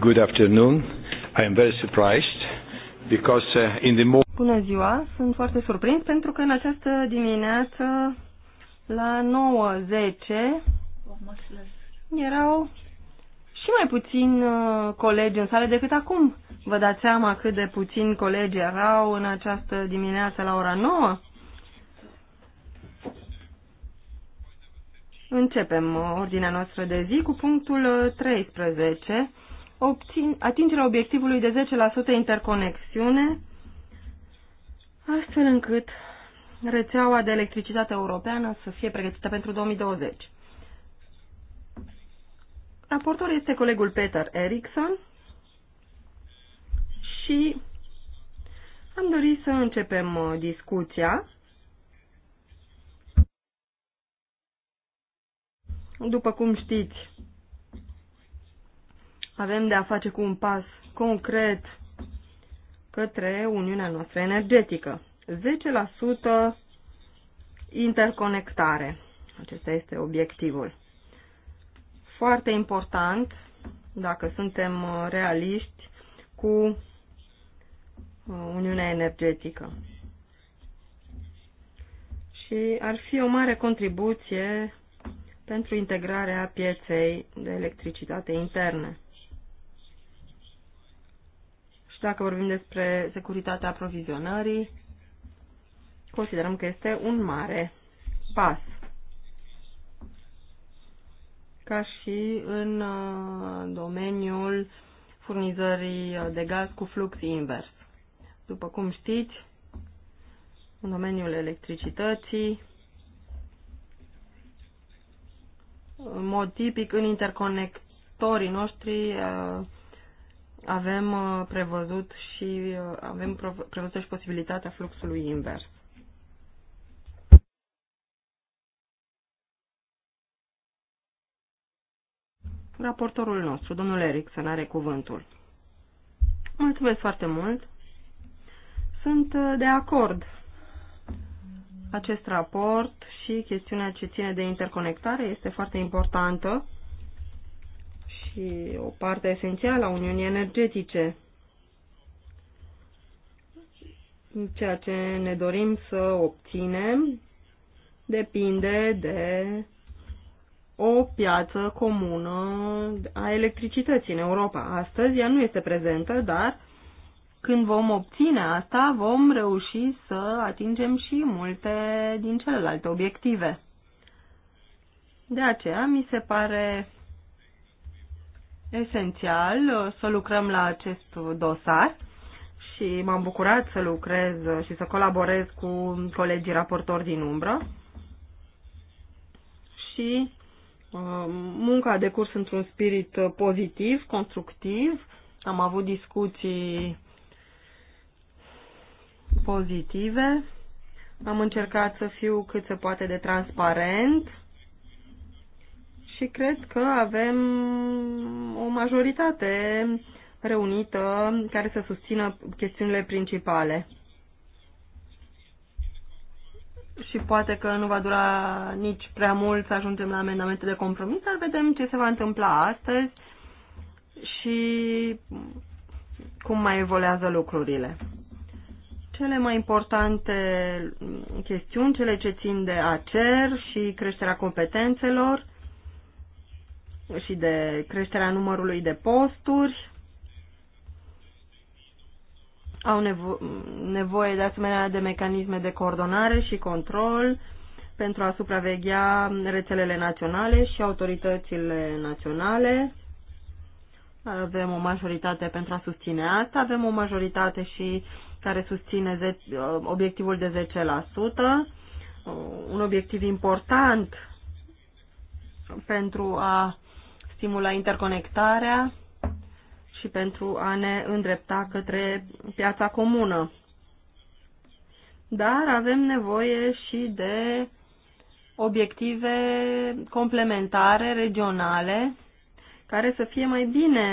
Good afternoon. I am very surprised because uh, in the morning. Bună ziua, sunt foarte surprins pentru că în această dimineață la 9.10 erau și mai puțin uh, colegi în sală decât acum. Vă dați seama cât de puțin colegi erau în această dimineață la ora 9? Începem uh, ordinea noastră de zi cu punctul 13, obțin, atingerea obiectivului de 10% interconexiune, astfel încât rețeaua de electricitate europeană să fie pregătită pentru 2020. Raportor este colegul Peter Eriksson și am dorit să începem uh, discuția. După cum știți, avem de a face cu un pas concret către Uniunea noastră energetică. 10% interconectare. Acesta este obiectivul. Foarte important, dacă suntem uh, realiști, cu uh, Uniunea Energetică. Și ar fi o mare contribuție pentru integrarea pieței de electricitate interne. Și dacă vorbim despre securitatea aprovizionării, considerăm că este un mare pas. Ca și în uh, domeniul furnizării uh, de gaz cu flux invers. După cum știți, în domeniul electricității, în mod tipic, în interconectorii noștri uh, avem uh, prevăzut și uh, avem prevăzut și posibilitatea fluxului invers. Raportorul nostru, domnul Erickson, are cuvântul. Mulțumesc foarte mult. Sunt uh, de acord. Acest raport și chestiunea ce ține de interconectare este foarte importantă și o parte esențială a Uniunii Energetice. Ceea ce ne dorim să obținem depinde de o piață comună a electricității în Europa. Astăzi ea nu este prezentă, dar când vom obține asta, vom reuși să atingem și multe din celelalte obiective. De aceea mi se pare esențial uh, să lucrăm la acest dosar și m-am bucurat să lucrez și să colaborez cu colegii raportori din umbră și uh, munca a decurs într-un spirit pozitiv, constructiv. Am avut discuții pozitive. Am încercat să fiu cât se poate de transparent și cred că avem o majoritate reunită care să susțină chestiunile principale. Și poate că nu va dura nici prea mult să ajungem la amendamente de compromis, dar vedem ce se va întâmpla astăzi și cum mai evoluează lucrurile. Cele mai importante chestiuni, cele ce țin de ACER și creșterea competențelor, și de creșterea numărului de posturi. Au nevo- nevoie de asemenea de mecanisme de coordonare și control pentru a supraveghea rețelele naționale și autoritățile naționale. Avem o majoritate pentru a susține asta, avem o majoritate și care susține obiectivul de 10%, un obiectiv important pentru a stimula interconectarea și pentru a ne îndrepta către piața comună. Dar avem nevoie și de obiective complementare, regionale, care să fie mai bine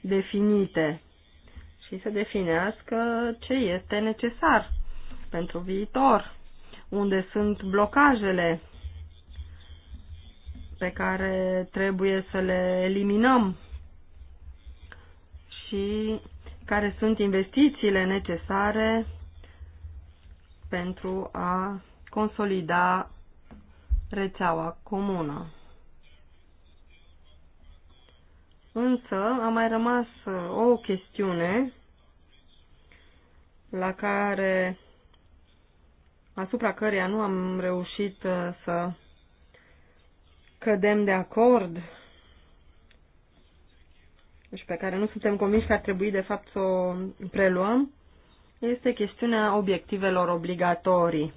definite și să definească ce este necesar pentru viitor, unde sunt blocajele pe care trebuie să le eliminăm și care sunt investițiile necesare pentru a consolida rețeaua comună. Însă a mai rămas uh, o chestiune la care, asupra căreia nu am reușit uh, să cădem de acord și pe care nu suntem convinși că ar trebui de fapt să o preluăm, este chestiunea obiectivelor obligatorii.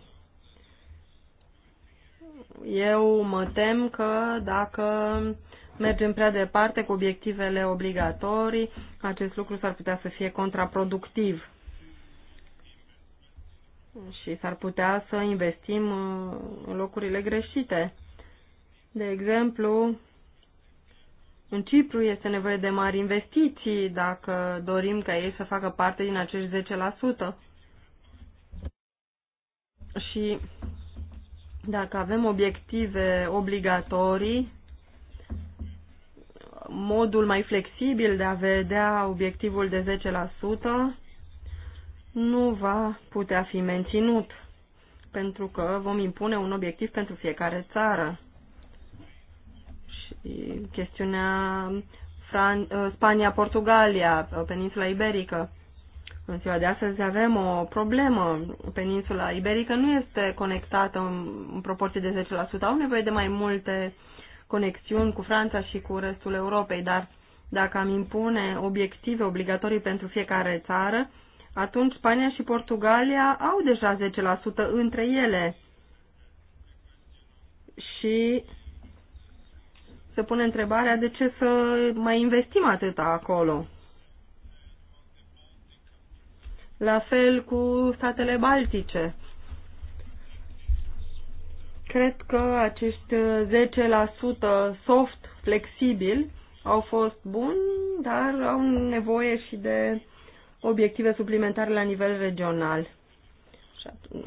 Eu mă tem că dacă mergem prea departe cu obiectivele obligatorii, acest lucru s-ar putea să fie contraproductiv și s-ar putea să investim uh, în locurile greșite. De exemplu, în Cipru este nevoie de mari investiții dacă dorim ca ei să facă parte din acești 10%. Și dacă avem obiective obligatorii, modul mai flexibil de a vedea obiectivul de 10% nu va putea fi menținut, pentru că vom impune un obiectiv pentru fiecare țară și chestiunea Fran- uh, Spania, Portugalia, uh, peninsula iberică. În ziua de astăzi avem o problemă. Peninsula iberică nu este conectată în proporție de 10%. Au nevoie de mai multe conexiuni cu Franța și cu restul Europei, dar dacă am impune obiective obligatorii pentru fiecare țară, atunci Spania și Portugalia au deja 10% între ele. Și se pune întrebarea de ce să mai investim atâta acolo. La fel cu statele baltice. Cred că acești 10% soft, flexibil, au fost buni, dar au nevoie și de obiective suplimentare la nivel regional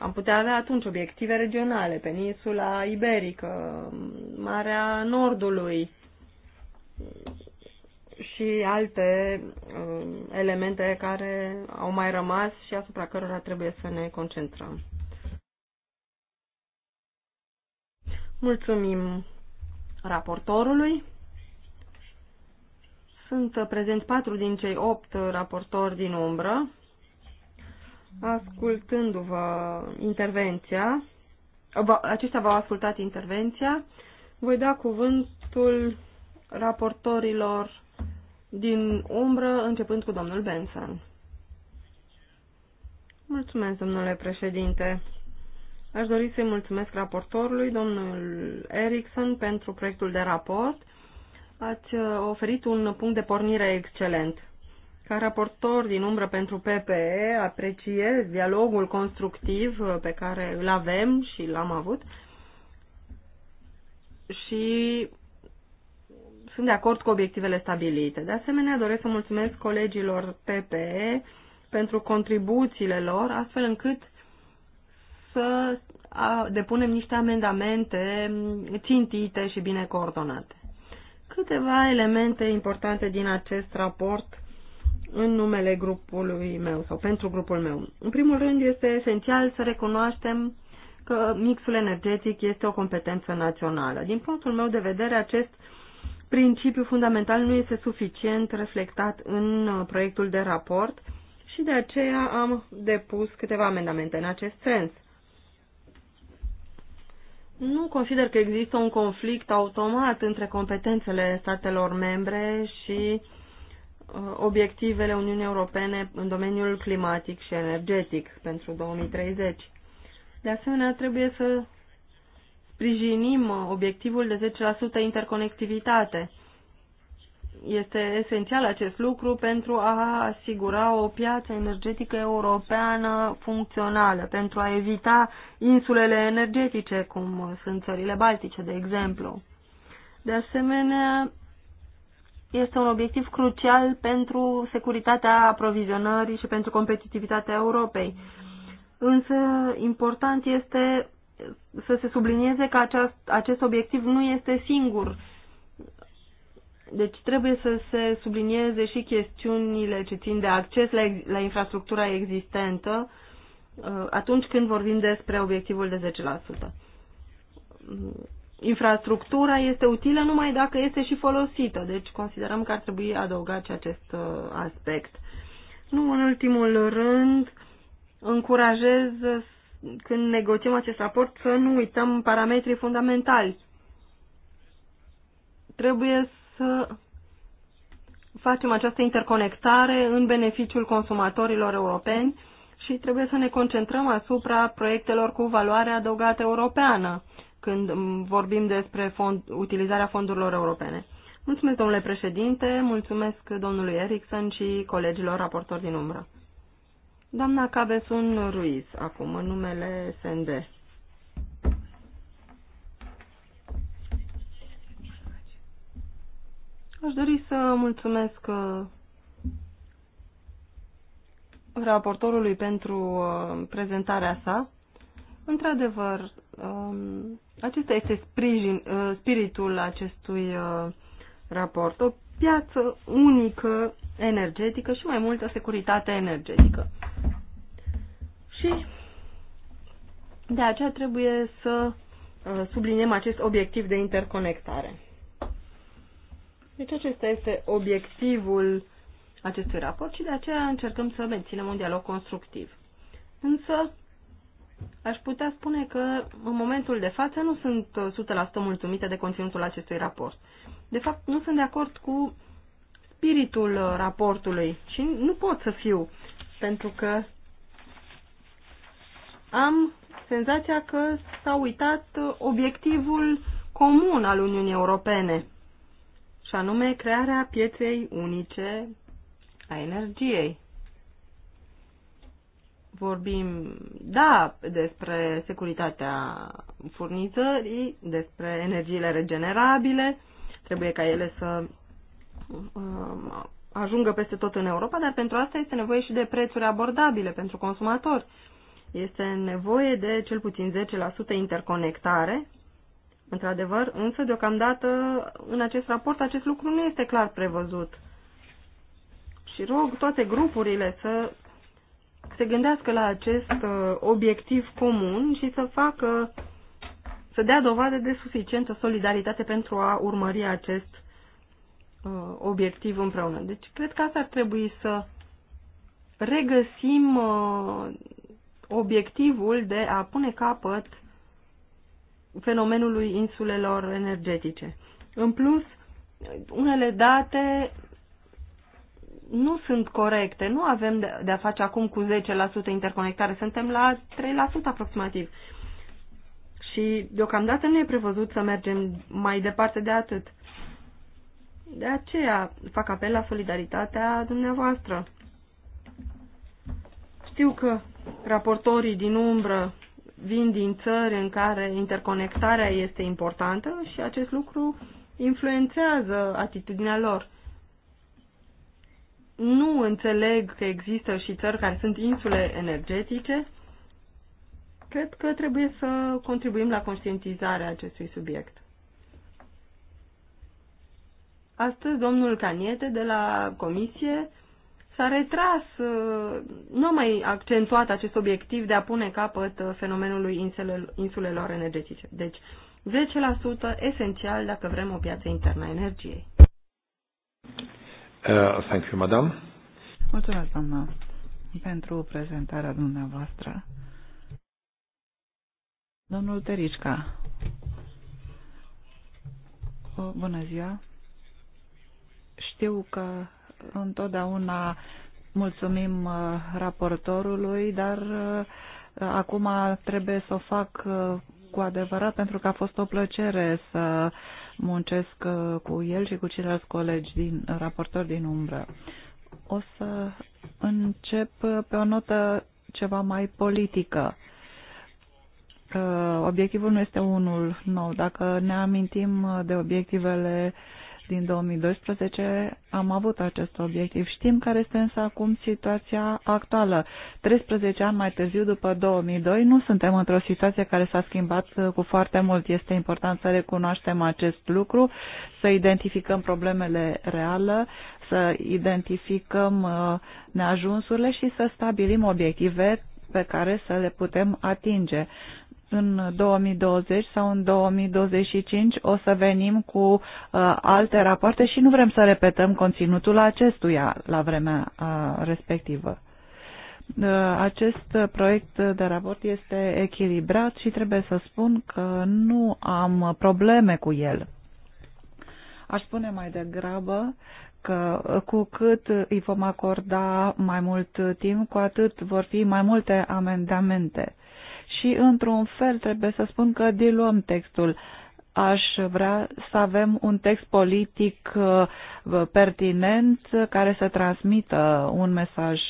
am putea avea atunci obiective regionale, peninsula iberică, Marea Nordului și alte uh, elemente care au mai rămas și asupra cărora trebuie să ne concentrăm. Mulțumim raportorului. Sunt prezenți patru din cei opt raportori din umbră ascultându-vă intervenția, acestea v-au ascultat intervenția, voi da cuvântul raportorilor din umbră, începând cu domnul Benson. Mulțumesc, domnule președinte. Aș dori să-i mulțumesc raportorului, domnul Erickson, pentru proiectul de raport. Ați uh, oferit un punct de pornire excelent. Ca raportor din umbră pentru PPE, apreciez dialogul constructiv uh, pe care îl avem și l-am avut și sunt de acord cu obiectivele stabilite. De asemenea, doresc să mulțumesc colegilor PPE pentru contribuțiile lor, astfel încât să depunem niște amendamente țintite și bine coordonate. Câteva elemente importante din acest raport în numele grupului meu sau pentru grupul meu. În primul rând, este esențial să recunoaștem că mixul energetic este o competență națională. Din punctul meu de vedere, acest principiu fundamental nu este suficient reflectat în proiectul de raport și de aceea am depus câteva amendamente în acest sens. Nu consider că există un conflict automat între competențele statelor membre și uh, Uh, obiectivele Uniunii Europene în domeniul climatic și energetic pentru 2030. De asemenea, trebuie să sprijinim uh, obiectivul de 10% interconectivitate. Este esențial acest lucru pentru a asigura o piață energetică europeană funcțională, pentru a evita insulele energetice, cum uh, sunt țările baltice, de exemplu. De asemenea, este un obiectiv crucial pentru securitatea aprovizionării și pentru competitivitatea Europei. Însă, important este să se sublinieze că aceast, acest obiectiv nu este singur. Deci trebuie să se sublinieze și chestiunile ce țin de acces la, la infrastructura existentă uh, atunci când vorbim despre obiectivul de 10% infrastructura este utilă numai dacă este și folosită, deci considerăm că ar trebui adăugat și acest uh, aspect. Nu în ultimul rând, încurajez uh, când negociem acest raport să nu uităm parametrii fundamentali. Trebuie să facem această interconectare în beneficiul consumatorilor europeni și trebuie să ne concentrăm asupra proiectelor cu valoare adăugată europeană când vorbim despre fond, utilizarea fondurilor europene. Mulțumesc, domnule președinte, mulțumesc domnului Ericsson și colegilor raportori din umbră. Doamna Cabesun Ruiz, acum, în numele SND. Aș dori să mulțumesc uh, raportorului pentru uh, prezentarea sa. Într-adevăr, um, acesta este sprijin, uh, spiritul acestui uh, raport. O piață unică energetică și mai multă securitate energetică. Și de aceea trebuie să uh, subliniem acest obiectiv de interconectare. Deci acesta este obiectivul acestui raport și de aceea încercăm să menținem un dialog constructiv. Însă Aș putea spune că în momentul de față nu sunt 100% mulțumită de conținutul acestui raport. De fapt, nu sunt de acord cu spiritul uh, raportului și nu pot să fiu, pentru că am senzația că s-a uitat uh, obiectivul comun al Uniunii Europene, și anume crearea pieței unice a energiei vorbim, da, despre securitatea furnizării, despre energiile regenerabile, trebuie ca ele să um, ajungă peste tot în Europa, dar pentru asta este nevoie și de prețuri abordabile pentru consumatori. Este nevoie de cel puțin 10% interconectare, într-adevăr, însă deocamdată în acest raport acest lucru nu este clar prevăzut. Și rog toate grupurile să se gândească la acest uh, obiectiv comun și să facă, să dea dovadă de suficientă solidaritate pentru a urmări acest uh, obiectiv împreună. Deci cred că asta ar trebui să regăsim uh, obiectivul de a pune capăt fenomenului insulelor energetice. În plus, unele date nu sunt corecte. Nu avem de-a face acum cu 10% interconectare, suntem la 3% aproximativ. Și deocamdată nu e prevăzut să mergem mai departe de atât. De aceea fac apel la solidaritatea dumneavoastră. Știu că raportorii din umbră vin din țări în care interconectarea este importantă și acest lucru influențează atitudinea lor. Nu înțeleg că există și țări care sunt insule energetice. Cred că trebuie să contribuim la conștientizarea acestui subiect. Astăzi, domnul Caniete de la Comisie s-a retras, uh, nu a mai accentuat acest obiectiv de a pune capăt uh, fenomenului insulelor energetice. Deci, 10% esențial dacă vrem o piață internă a energiei. Uh, thank you, madam. Mulțumesc, doamna, pentru prezentarea dumneavoastră. Domnul Terișca. O, bună ziua. Știu că întotdeauna mulțumim uh, raportorului, dar uh, acum trebuie să o fac uh, cu adevărat pentru că a fost o plăcere să muncesc uh, cu el și cu ceilalți colegi din uh, raportori din umbră. O să încep uh, pe o notă ceva mai politică. Obiectivul nu este unul nou. Dacă ne amintim de obiectivele uh, din 2012 am avut acest obiectiv. Știm care este însă acum situația actuală. 13 ani mai târziu, după 2002, nu suntem într-o situație care s-a schimbat uh, cu foarte mult. Este important să recunoaștem acest lucru, să identificăm problemele reale, să identificăm uh, neajunsurile și să stabilim obiective pe care să le putem atinge în 2020 sau în 2025 o să venim cu uh, alte rapoarte și nu vrem să repetăm conținutul acestuia la vremea uh, respectivă. Uh, acest proiect de raport este echilibrat și trebuie să spun că nu am probleme cu el. Aș spune mai degrabă că cu cât îi vom acorda mai mult timp, cu atât vor fi mai multe amendamente și, într-un fel, trebuie să spun că diluăm textul. Aș vrea să avem un text politic uh, pertinent care să transmită un mesaj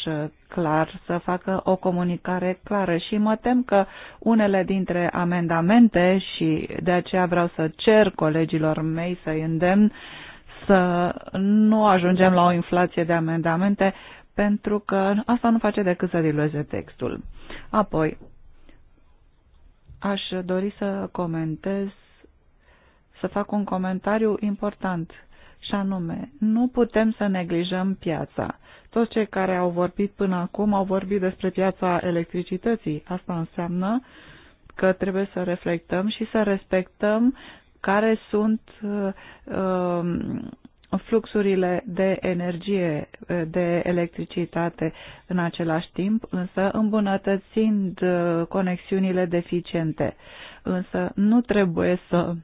clar, să facă o comunicare clară și mă tem că unele dintre amendamente și de aceea vreau să cer colegilor mei să-i îndemn să nu ajungem la o inflație de amendamente pentru că asta nu face decât să dilueze textul. Apoi, Aș dori să comentez, să fac un comentariu important și anume, nu putem să neglijăm piața. Toți cei care au vorbit până acum au vorbit despre piața electricității. Asta înseamnă că trebuie să reflectăm și să respectăm care sunt uh, um, fluxurile de energie, eh, de electricitate în același timp, însă îmbunătățind eh, conexiunile deficiente. Însă nu trebuie să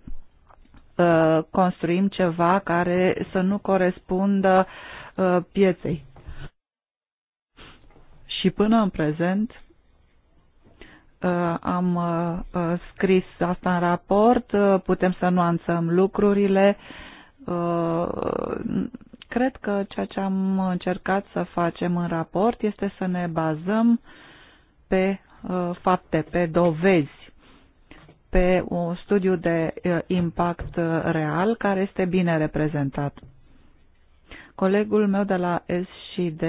eh, construim ceva care să nu corespundă pieței. Și până în prezent, am scris asta în raport, putem să nuanțăm lucrurile, Uh, cred că ceea ce am încercat să facem în raport este să ne bazăm pe uh, fapte, pe dovezi, pe un studiu de uh, impact real care este bine reprezentat. Colegul meu de la SCD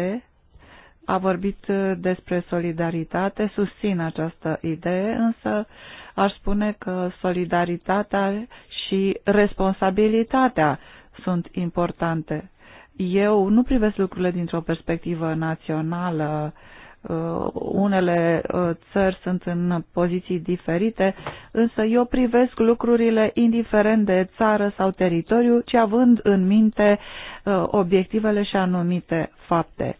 a vorbit uh, despre solidaritate, susțin această idee, însă aș spune că solidaritatea și responsabilitatea sunt importante. Eu nu privesc lucrurile dintr-o perspectivă națională, uh, unele uh, țări sunt în poziții diferite, însă eu privesc lucrurile indiferent de țară sau teritoriu, ci având în minte obiectivele și anumite fapte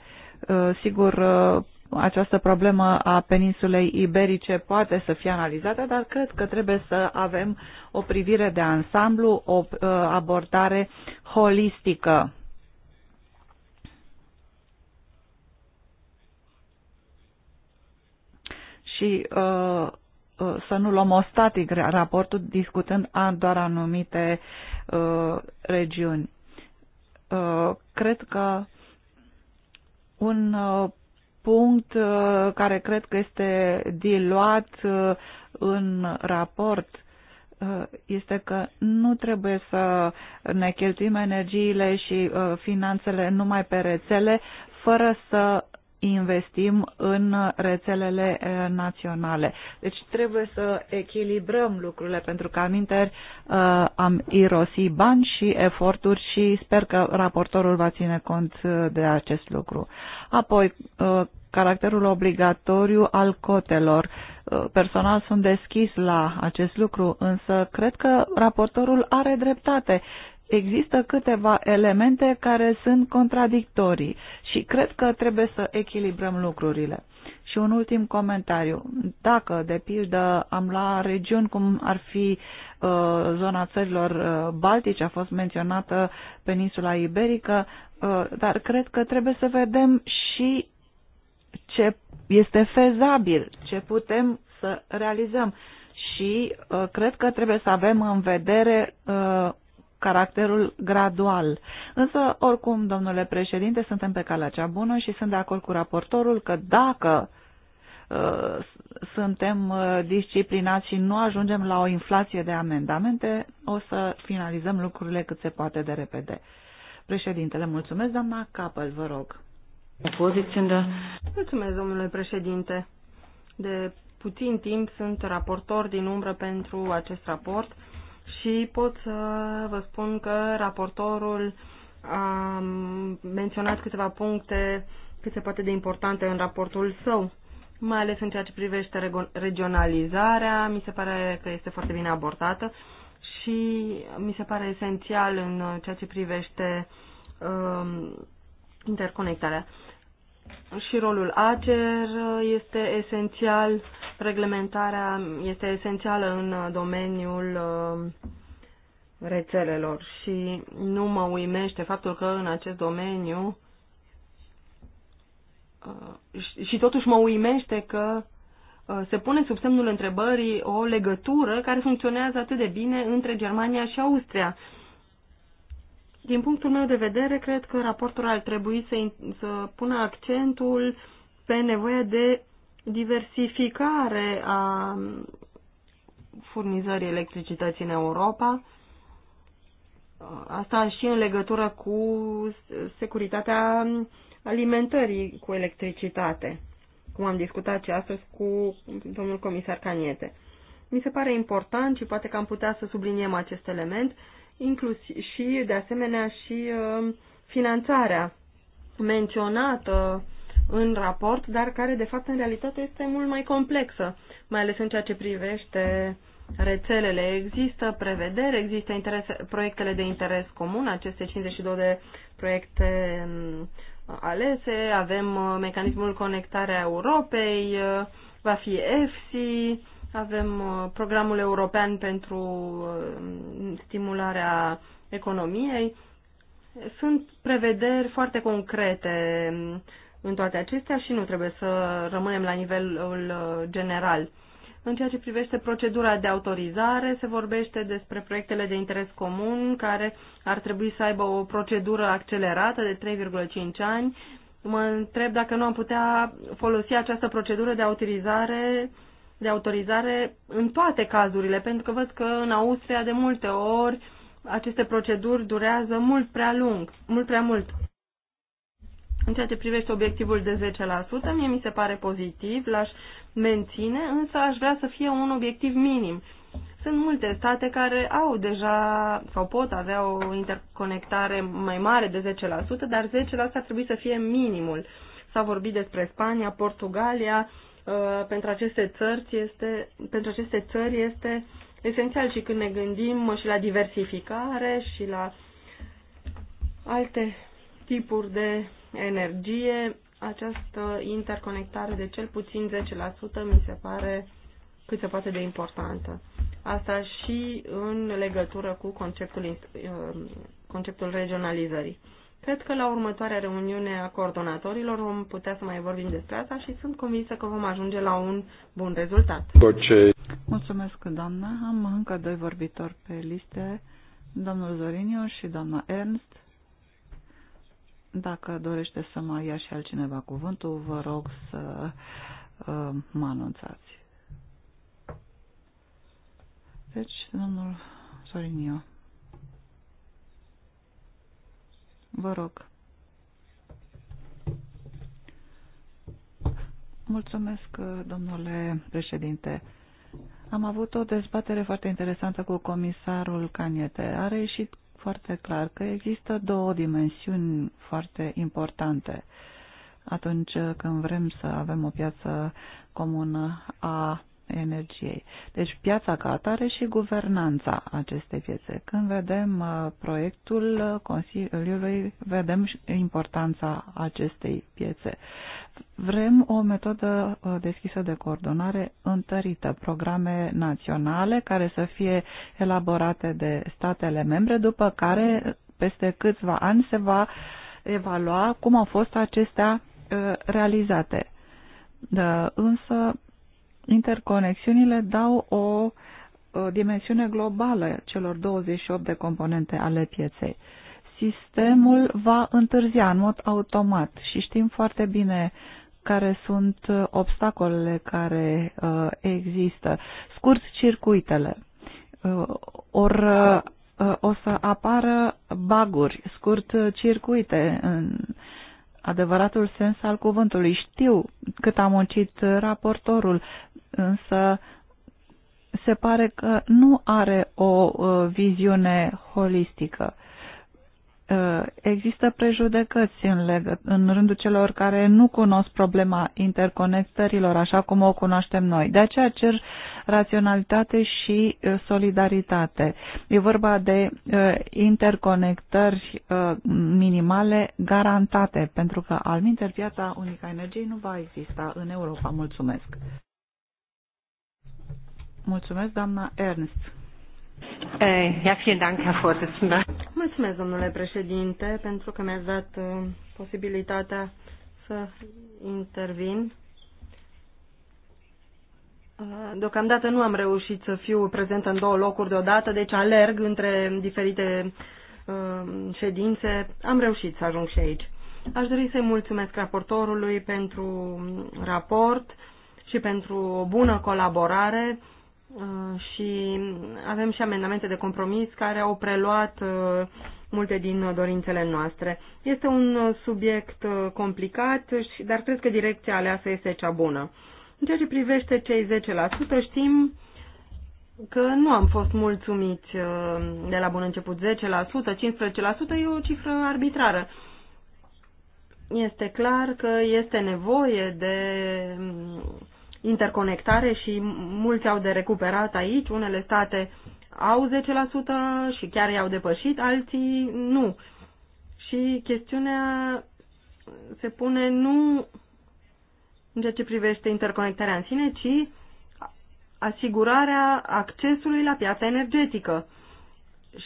Uh, sigur, uh, această problemă a peninsulei iberice poate să fie analizată, dar cred că trebuie să avem o privire de ansamblu, o uh, abordare holistică. Și să nu luăm static raportul discutând doar anumite regiuni. cred că un uh, punct uh, care cred că este diluat uh, în raport este că nu trebuie să ne cheltuim energiile și finanțele numai pe rețele, fără să investim în rețelele eh, naționale. Deci trebuie să echilibrăm lucrurile pentru că aminteri eh, am irosi bani și eforturi și sper că raportorul va ține cont eh, de acest lucru. Apoi, caracterul obligatoriu al cotelor. Personal sunt deschis la acest lucru, însă cred că raportorul are dreptate există câteva elemente care sunt contradictorii și cred că trebuie să echilibrăm lucrurile. Și un ultim comentariu. Dacă, de pildă, am la regiuni cum ar fi uh, zona țărilor uh, baltice, a fost menționată peninsula iberică, uh, dar cred că trebuie să vedem și ce este fezabil, ce putem să realizăm. Și uh, cred că trebuie să avem în vedere uh, caracterul gradual. Însă, oricum, domnule președinte, suntem pe calea cea bună și sunt de acord cu raportorul că dacă uh, suntem uh, disciplinați și nu ajungem la o inflație de amendamente, o să finalizăm lucrurile cât se poate de repede. Președintele, mulțumesc, doamna Capel, vă rog. Mulțumesc, domnule președinte. De puțin timp sunt raportor din umbră pentru acest raport și pot să vă spun că raportorul a menționat câteva puncte cât se poate de importante în raportul său, mai ales în ceea ce privește regionalizarea, mi se pare că este foarte bine abordată și mi se pare esențial în ceea ce privește um, interconectarea și rolul ACER este esențial, reglementarea este esențială în domeniul uh, rețelelor și nu mă uimește faptul că în acest domeniu uh, și totuși mă uimește că uh, se pune sub semnul întrebării o legătură care funcționează atât de bine între Germania și Austria. Din punctul meu de vedere, cred că raportul ar trebui să, să pună accentul pe nevoia de diversificare a furnizării electricității în Europa, asta și în legătură cu securitatea alimentării cu electricitate, cum am discutat și astăzi cu domnul comisar Caniete. Mi se pare important și poate că am putea să subliniem acest element, inclusiv și, de asemenea, și uh, finanțarea menționată în raport, dar care, de fapt, în realitate este mult mai complexă, mai ales în ceea ce privește rețelele. Există prevedere, există interese, proiectele de interes comun, aceste 52 de proiecte mm, alese, avem uh, mecanismul conectarea Europei, uh, va fi EFSI, avem uh, programul european pentru uh, stimularea economiei. Sunt prevederi foarte concrete um, în toate acestea și nu trebuie să rămânem la nivelul uh, general. În ceea ce privește procedura de autorizare, se vorbește despre proiectele de interes comun care ar trebui să aibă o procedură accelerată de 3,5 ani. Mă întreb dacă nu am putea folosi această procedură de autorizare de autorizare în toate cazurile, pentru că văd că în Austria de multe ori aceste proceduri durează mult prea lung, mult prea mult. În ceea ce privește obiectivul de 10%, mie mi se pare pozitiv, l-aș menține, însă aș vrea să fie un obiectiv minim. Sunt multe state care au deja sau pot avea o interconectare mai mare de 10%, dar 10% ar trebui să fie minimul. S-a vorbit despre Spania, Portugalia, Uh, pentru aceste țări este, pentru aceste țări este esențial și când ne gândim și la diversificare și la alte tipuri de energie, această interconectare de cel puțin 10% mi se pare cât se poate de importantă. Asta și în legătură cu conceptul, uh, conceptul regionalizării. Cred că la următoarea reuniune a coordonatorilor vom putea să mai vorbim despre asta și sunt convinsă că vom ajunge la un bun rezultat. Mulțumesc, doamna. Am încă doi vorbitori pe liste, domnul Zorinio și doamna Ernst. Dacă dorește să mai ia și altcineva cuvântul, vă rog să uh, mă anunțați. Deci, domnul Zorinio. Vă rog. Mulțumesc, domnule președinte. Am avut o dezbatere foarte interesantă cu comisarul Caniete. A reieșit foarte clar că există două dimensiuni foarte importante atunci când vrem să avem o piață comună a energiei. Deci piața ca atare și guvernanța acestei piețe. Când vedem uh, proiectul Consiliului, vedem importanța acestei piețe. Vrem o metodă uh, deschisă de coordonare întărită, programe naționale care să fie elaborate de statele membre, după care peste câțiva ani se va evalua cum au fost acestea uh, realizate. Da, însă interconexiunile dau o dimensiune globală celor 28 de componente ale pieței. Sistemul va întârzia în mod automat și știm foarte bine care sunt obstacolele care uh, există, scurt circuitele, uh, or uh, o să apară baguri, scurt circuite în adevăratul sens al cuvântului. Știu cât a muncit raportorul însă se pare că nu are o uh, viziune holistică. Uh, există prejudecăți în, legă, în rândul celor care nu cunosc problema interconectărilor așa cum o cunoaștem noi. De aceea cer raționalitate și uh, solidaritate. E vorba de interconectări minimale garantate, pentru că alminter piața unica energiei nu va exista în Europa. Mulțumesc! Mulțumesc, doamna Ernst. Eh, ja, vielen Dank, Herr Vorsitzender. Mulțumesc, domnule președinte, pentru că mi-ați dat uh, posibilitatea să intervin. Uh, deocamdată nu am reușit să fiu prezent în două locuri deodată, deci alerg între diferite uh, ședințe. Am reușit să ajung și aici. Aș dori să-i mulțumesc raportorului pentru raport și pentru o bună colaborare Uh, și avem și amendamente de compromis care au preluat uh, multe din dorințele noastre. Este un uh, subiect complicat, dar cred că direcția aleasă este cea bună. În ceea ce privește cei 10%, știm că nu am fost mulțumiți de la bun început. 10%, 15% e o cifră arbitrară. Este clar că este nevoie de interconectare și mulți au de recuperat aici, unele state au 10% și chiar i-au depășit, alții nu. Și chestiunea se pune nu în ceea ce privește interconectarea în sine, ci asigurarea accesului la piața energetică.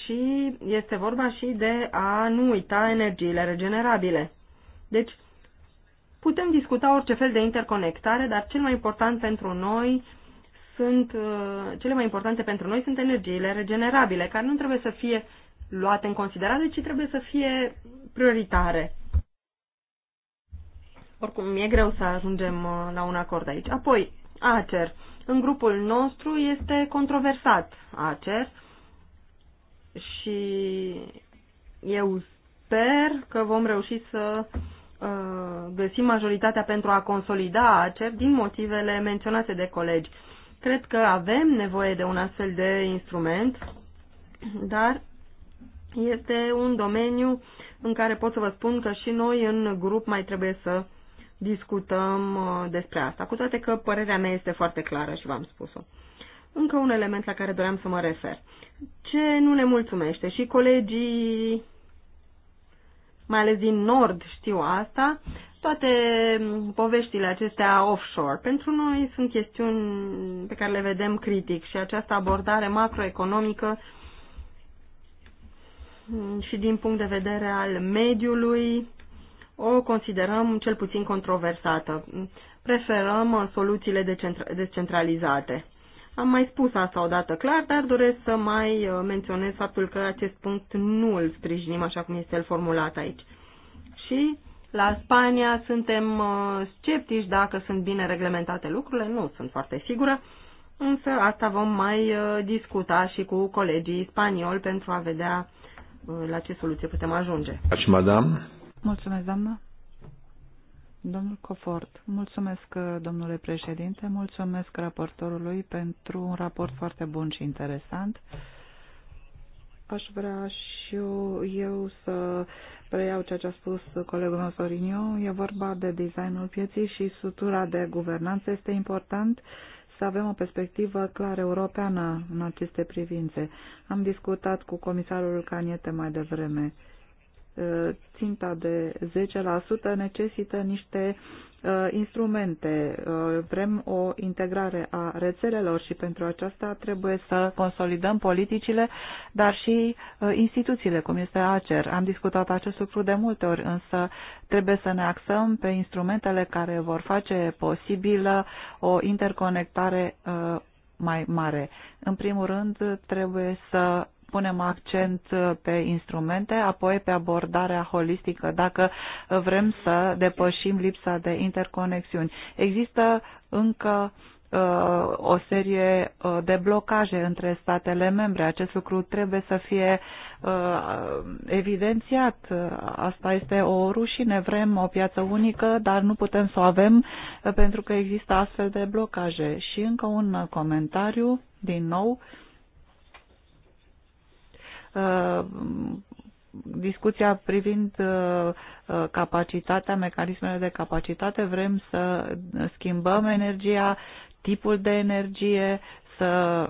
Și este vorba și de a nu uita energiile regenerabile. Deci, Putem discuta orice fel de interconectare, dar cel mai important pentru noi sunt, uh, cele mai importante pentru noi sunt energiile regenerabile, care nu trebuie să fie luate în considerare, ci trebuie să fie prioritare. Oricum, e greu să ajungem uh, la un acord aici. Apoi, ACER. În grupul nostru este controversat ACER și eu sper că vom reuși să Uh, găsim majoritatea pentru a consolida ACER din motivele menționate de colegi. Cred că avem nevoie de un astfel de instrument, dar este un domeniu în care pot să vă spun că și noi în grup mai trebuie să discutăm uh, despre asta, cu toate că părerea mea este foarte clară și v-am spus-o. Încă un element la care doream să mă refer. Ce nu ne mulțumește și colegii mai ales din nord știu asta, toate poveștile acestea offshore. Pentru noi sunt chestiuni pe care le vedem critic și această abordare macroeconomică și din punct de vedere al mediului o considerăm cel puțin controversată. Preferăm soluțiile decentralizate. Am mai spus asta odată clar, dar doresc să mai uh, menționez faptul că acest punct nu îl sprijinim așa cum este el formulat aici. Și la Spania suntem uh, sceptici dacă sunt bine reglementate lucrurile, nu sunt foarte sigură, însă asta vom mai uh, discuta și cu colegii spanioli pentru a vedea la ce soluție putem ajunge. Mulțumesc, doamnă. Domnul Cofort, mulțumesc, domnule președinte, mulțumesc raportorului pentru un raport foarte bun și interesant. Aș vrea și eu, eu să preiau ceea ce a spus colegul nostru Sorinio. E vorba de designul pieții și sutura de guvernanță. Este important să avem o perspectivă clar europeană în aceste privințe. Am discutat cu comisarul Caniete mai devreme. Uh, Eh, ținta de 10% necesită niște eh, instrumente. Eh, vrem o integrare a rețelelor și pentru aceasta trebuie să consolidăm politicile, dar și instituțiile, cum este ACER. Am discutat acest lucru de multe ori, însă trebuie să ne axăm pe instrumentele care vor face posibilă o interconectare mai mare. În primul rând, trebuie să punem accent uh, pe instrumente, apoi pe abordarea holistică, dacă vrem să depășim lipsa de interconexiuni. Există încă uh, o serie uh, de blocaje între statele membre. Acest lucru trebuie să fie evidențiat. Asta este o rușine. Vrem o piață unică, dar nu putem să o avem pentru că există astfel de blocaje. Și încă un comentariu, din nou, uh, Uh, discuția privind uh, uh, capacitatea, mecanismele de capacitate, vrem să schimbăm energia, tipul de energie, să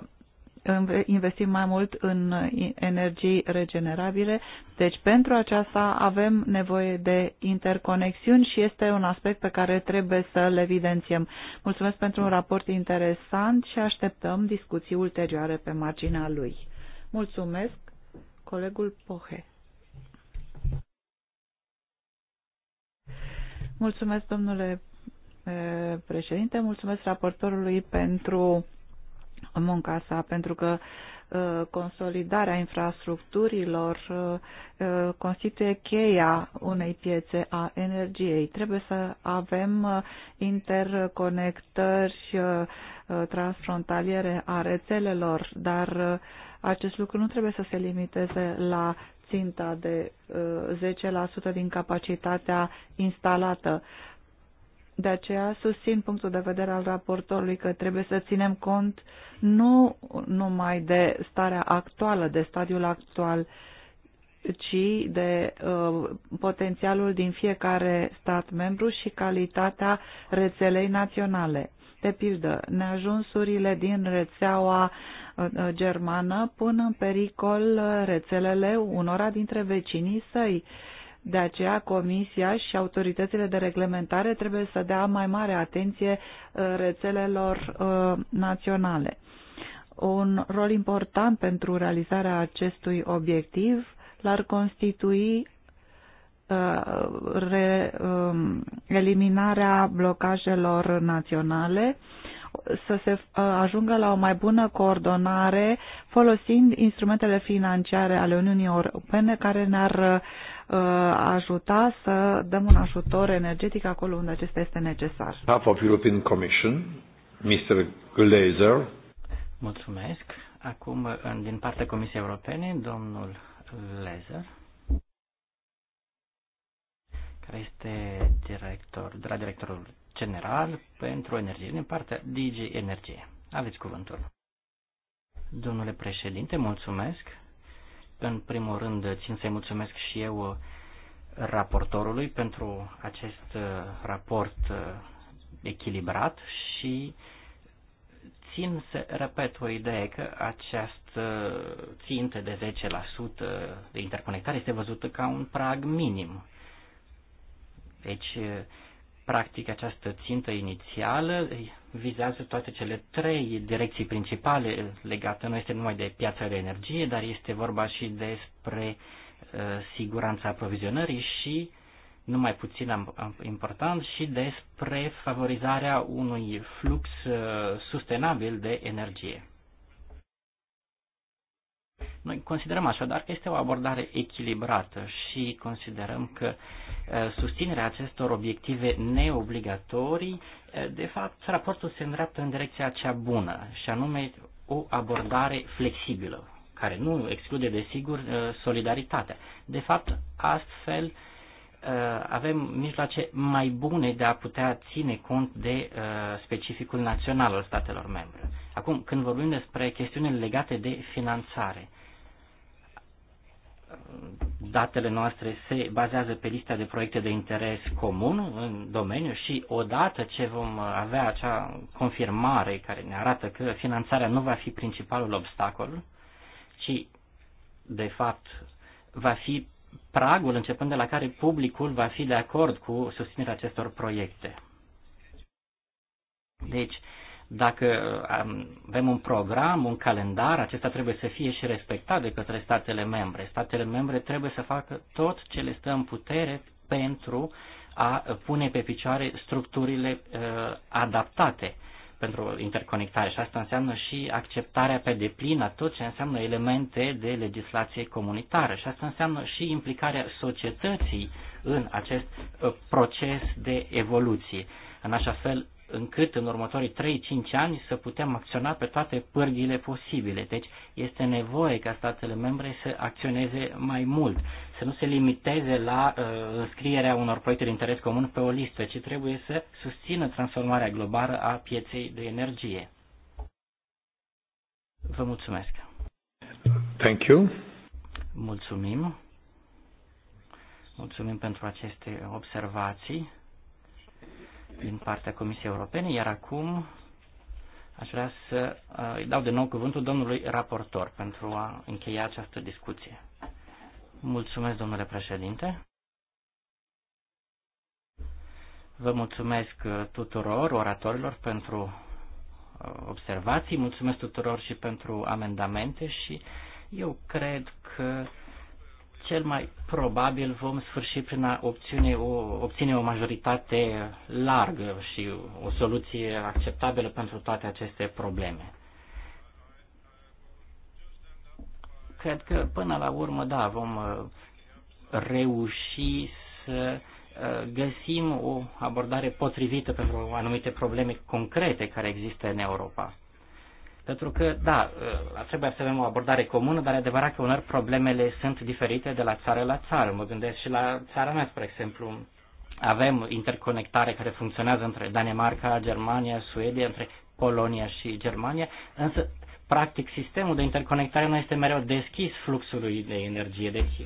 investim mai mult în energii regenerabile. Deci pentru aceasta avem nevoie de interconexiuni și este un aspect pe care trebuie să-l evidențiem. Mulțumesc pentru un raport interesant și așteptăm discuții ulterioare pe marginea lui. Mulțumesc colegul Pohe. Mulțumesc, domnule președinte, mulțumesc raportorului pentru munca sa, pentru că consolidarea infrastructurilor constituie cheia unei piețe a energiei. Trebuie să avem interconectări transfrontaliere a rețelelor, dar acest lucru nu trebuie să se limiteze la ținta de 10% uh, din capacitatea instalată. De aceea susțin punctul de vedere al raportorului că trebuie să ținem cont nu numai de starea actuală, de stadiul actual, ci de uh, potențialul din fiecare stat membru și calitatea rețelei naționale. De pildă, neajunsurile din rețeaua Uh, uh, germană pun în pericol uh, rețelele unora dintre vecinii săi. De aceea, Comisia și autoritățile de reglementare trebuie să dea mai mare atenție rețelelor naționale. Un rol important pentru realizarea acestui obiectiv l-ar constitui re, um, eliminarea blocajelor naționale, să se uh, ajungă la o mai bună coordonare folosind instrumentele financiare ale Uniunii Europene care ne-ar uh, ajuta să dăm un ajutor energetic acolo unde acesta este necesar. Half of European Commission, Mr. Glazer. Mulțumesc. Acum, din partea Comisiei Europene, domnul Glazer, care este director, de la directorul general pentru energie din partea DG Energie. Aveți cuvântul. Domnule președinte, mulțumesc. În primul rând, țin să-i mulțumesc și eu uh, raportorului pentru acest uh, raport uh, echilibrat și țin să repet o idee că această țintă de 10% de interconectare este văzută ca un prag minim. Deci Practic, această țintă inițială vizează toate cele trei direcții principale legate. Nu este numai de piața de energie, dar este vorba și despre uh, siguranța aprovizionării și, nu mai puțin important, și despre favorizarea unui flux uh, sustenabil de energie. Noi considerăm așadar că este o abordare echilibrată și considerăm că susținerea acestor obiective neobligatorii, de fapt, raportul se îndreaptă în direcția cea bună, și anume o abordare flexibilă, care nu exclude, desigur, solidaritatea. De fapt, astfel avem mijloace mai bune de a putea ține cont de specificul național al statelor membre. Acum, când vorbim despre chestiunile legate de finanțare, datele noastre se bazează pe lista de proiecte de interes comun în domeniu și odată ce vom avea acea confirmare care ne arată că finanțarea nu va fi principalul obstacol, ci de fapt va fi pragul începând de la care publicul va fi de acord cu susținerea acestor proiecte. Deci, dacă uh, avem un program, un calendar, acesta trebuie să fie și respectat de către statele membre. Statele membre trebuie să facă tot ce le stă în putere pentru a pune pe picioare structurile uh, adaptate pentru interconectare și asta înseamnă și acceptarea pe deplin a tot ce înseamnă elemente de legislație comunitară și asta înseamnă și implicarea societății în acest uh, proces de evoluție. În așa fel încât în următorii 3-5 ani să putem acționa pe toate pârghile posibile. Deci este nevoie ca statele membre să acționeze mai mult, să nu se limiteze la uh, înscrierea unor proiecte de interes comun pe o listă, ci trebuie să susțină transformarea globală a pieței de energie. Vă mulțumesc. Thank you. Mulțumim. Mulțumim pentru aceste observații din partea Comisiei Europene, iar acum aș vrea să uh, îi dau de nou cuvântul domnului raportor pentru a încheia această discuție. Mulțumesc, domnule președinte. Vă mulțumesc uh, tuturor oratorilor pentru uh, observații, mulțumesc tuturor și pentru amendamente și eu cred că cel mai probabil vom sfârși prin a obține o, obține o majoritate largă și o soluție acceptabilă pentru toate aceste probleme. Cred că până la urmă, da, vom uh, reuși să uh, găsim o abordare potrivită pentru anumite probleme concrete care există în Europa. Pentru că, da, ă, trebuie să avem o abordare comună, dar e adevărat că uneori problemele sunt diferite de la țară la țară. Mă gândesc și la țara mea, spre exemplu. Avem interconectare care funcționează între Danemarca, Germania, Suedia, între Polonia și Germania, însă practic sistemul de interconectare nu este mereu deschis fluxului de energie, deci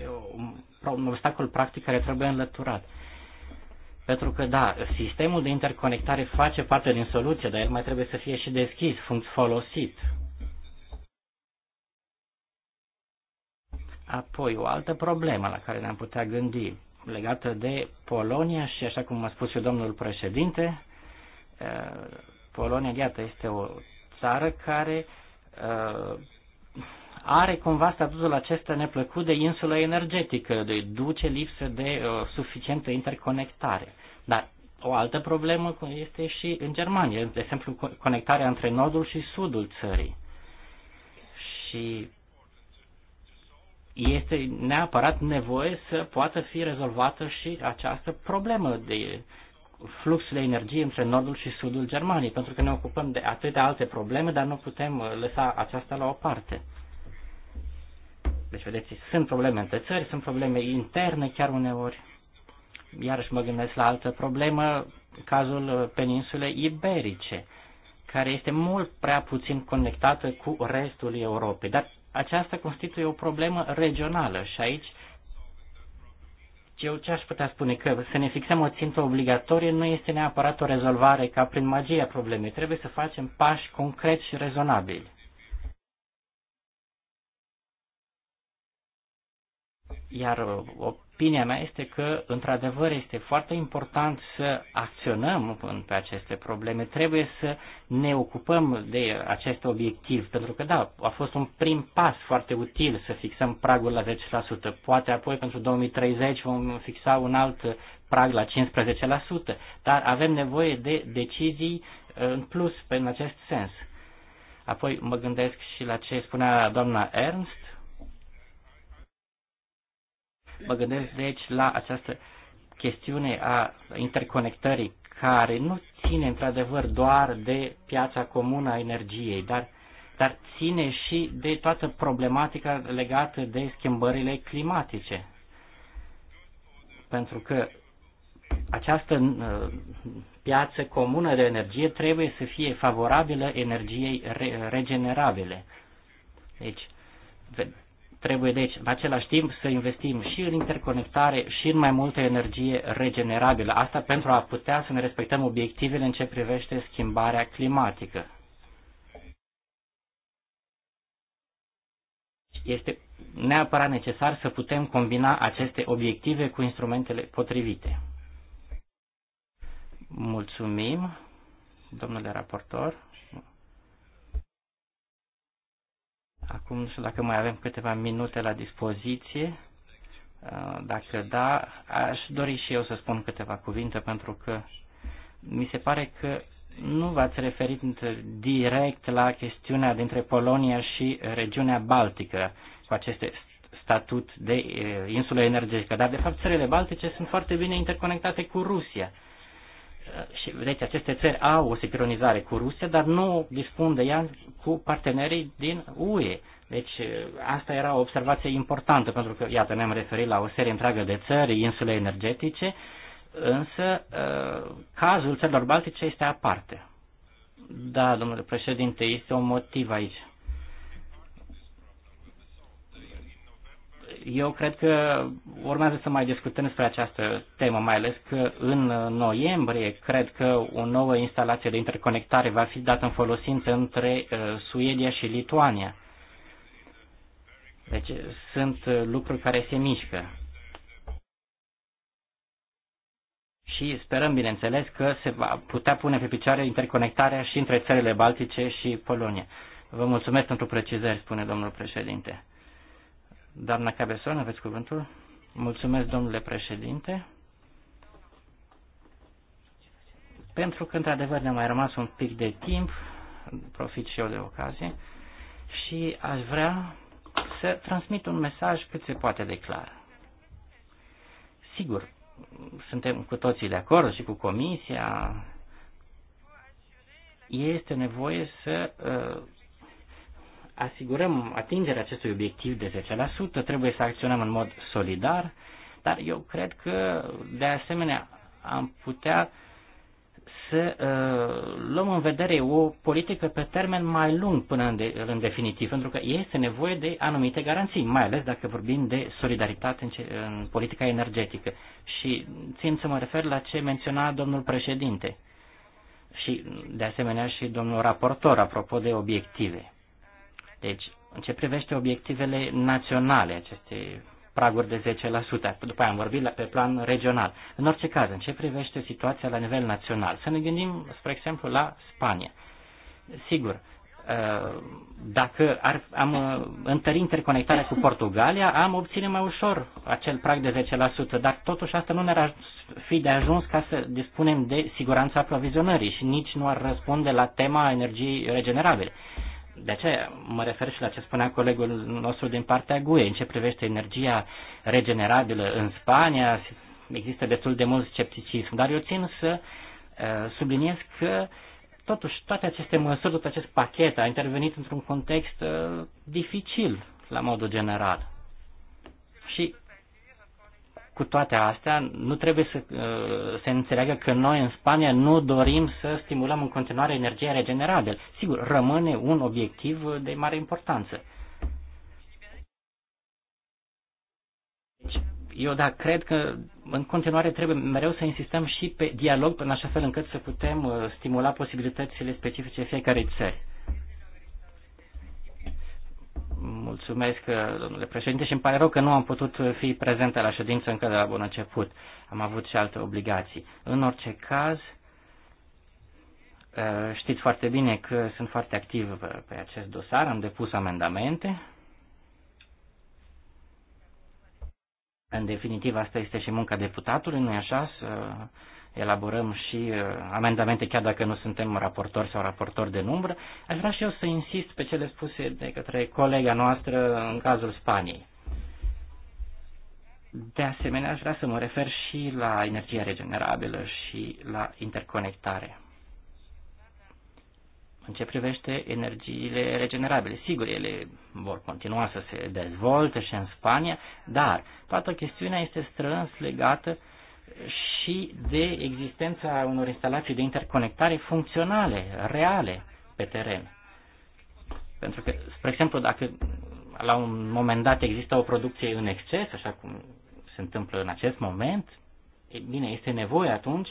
un obstacol practic care trebuie înlăturat. Pentru că, da, sistemul de interconectare face parte din soluție, dar el mai trebuie să fie și deschis, folosit. Apoi, o altă problemă la care ne-am putea gândi, legată de Polonia și, așa cum a spus și domnul președinte, eh, Polonia, iată, este o țară care eh, are cumva statutul acesta neplăcut de insulă energetică, de duce lipsă de uh, suficientă interconectare. Dar o altă problemă este și în Germania, de exemplu, conectarea între nordul și sudul țării. Și este neapărat nevoie să poată fi rezolvată și această problemă de fluxul de energie între nordul și sudul Germaniei, pentru că ne ocupăm de atâtea alte probleme, dar nu putem uh, lăsa aceasta la o parte. Deci, vedeți, sunt probleme între țări, sunt probleme interne chiar uneori. Iarăși mă gândesc la altă problemă, cazul uh, peninsulei iberice, care este mult prea puțin conectată cu restul Europei. Dar aceasta constituie o problemă regională și aici eu ce aș putea spune? Că să ne fixăm o țintă obligatorie nu este neapărat o rezolvare ca prin magie problemei. Trebuie să facem pași concreți și rezonabili. Iar uh, opinia mea este că, într-adevăr, este foarte important să acționăm pe aceste probleme. Trebuie să ne ocupăm de acest obiectiv, pentru că, da, a fost un prim pas foarte util să fixăm pragul la 10%. Poate apoi, pentru 2030, vom fixa un alt prag la 15%, dar avem nevoie de decizii uh, în plus în acest sens. Apoi mă gândesc și la ce spunea doamna Ernst, Mă gândesc deci la această chestiune a interconectării care nu ține într-adevăr doar de piața comună a energiei, dar, dar ține și de toată problematica legată de schimbările climatice. Pentru că această uh, piață comună de energie trebuie să fie favorabilă energiei regenerabile. Deci, Trebuie deci în același timp să investim și în interconectare și în mai multă energie regenerabilă. Asta pentru a putea să ne respectăm obiectivele în ce privește schimbarea climatică. Este neapărat necesar să putem combina aceste obiective cu instrumentele potrivite. Mulțumim, domnule raportor. Acum nu știu dacă mai avem câteva minute la dispoziție. Uh, dacă da, aș dori și eu să spun câteva cuvinte pentru că mi se pare că nu v-ați referit direct la chestiunea dintre Polonia și regiunea Baltică cu aceste statut de uh, insulă energetică, dar de fapt țările Baltice sunt foarte bine interconectate cu Rusia. Și vedeți, aceste țări au o sincronizare cu Rusia, dar nu dispun de ea cu partenerii din UE. Deci asta era o observație importantă, pentru că, iată, ne-am referit la o serie întreagă de țări, insule energetice, însă uh, cazul țărilor baltice este aparte. Da, domnule președinte, este un motiv aici. eu cred că urmează să mai discutăm despre această temă, mai ales că în noiembrie cred că o nouă instalație de interconectare va fi dată în folosință între uh, Suedia și Lituania. Deci sunt uh, lucruri care se mișcă. Și sperăm, bineînțeles, că se va putea pune pe picioare interconectarea și între țările Baltice și Polonia. Vă mulțumesc pentru precizări, spune domnul președinte. Doamna Cabeson, aveți cuvântul? Mulțumesc, domnule președinte. Pentru că, într-adevăr, ne-a mai rămas un pic de timp, profit și eu de ocazie, și aș vrea să transmit un mesaj cât se poate de clar. Sigur, suntem cu toții de acord și cu comisia, este nevoie să uh, asigurăm atingerea acestui obiectiv de 10%, trebuie să acționăm în mod solidar, dar eu cred că de asemenea am putea să uh, luăm în vedere o politică pe termen mai lung până în, de, în definitiv, pentru că este nevoie de anumite garanții, mai ales dacă vorbim de solidaritate în, ce, în politica energetică. Și țin să mă refer la ce menționa domnul președinte și, de asemenea, și domnul raportor, apropo de obiective. Deci, în ce privește obiectivele naționale, aceste praguri de 10%, după aia am vorbit la, pe plan regional. În orice caz, în ce privește situația la nivel național, să ne gândim, spre exemplu, la Spania. Sigur, uh, dacă ar, am uh, întări interconectarea cu Portugalia, am obține mai ușor acel prag de 10%, dar totuși asta nu ne-ar fi de ajuns ca să dispunem de siguranța aprovizionării și nici nu ar răspunde la tema energiei regenerabile. De ce mă refer și la ce spunea colegul nostru din partea GUE, în ce privește energia regenerabilă în Spania, există destul de mult scepticism, dar eu țin să uh, subliniez că totuși toate aceste măsuri, tot acest pachet a intervenit într-un context uh, dificil la modul general. Și cu toate astea, nu trebuie să uh, se înțeleagă că noi în Spania nu dorim să stimulăm în continuare energia regenerabilă. Sigur, rămâne un obiectiv de mare importanță. Deci, eu da, cred că în continuare trebuie mereu să insistăm și pe dialog, în așa fel încât să putem uh, stimula posibilitățile specifice fiecarei țări. Mulțumesc, domnule președinte, și îmi pare rău că nu am putut fi prezente la ședință încă de la bun început. Am avut și alte obligații. În orice caz, știți foarte bine că sunt foarte activ pe acest dosar, am depus amendamente. În definitiv, asta este și munca deputatului, nu-i așa? Să elaborăm și uh, amendamente, chiar dacă nu suntem raportori sau raportori de numbră, aș vrea și eu să insist pe cele spuse de către colega noastră în cazul Spaniei. De asemenea, aș vrea să mă refer și la energia regenerabilă și la interconectare. În ce privește energiile regenerabile, sigur, ele vor continua să se dezvolte și în Spania, dar toată chestiunea este strâns legată și de existența unor instalații de interconectare funcționale, reale, pe teren. Pentru că, spre exemplu, dacă la un moment dat există o producție în exces, așa cum se întâmplă în acest moment, e bine, este nevoie atunci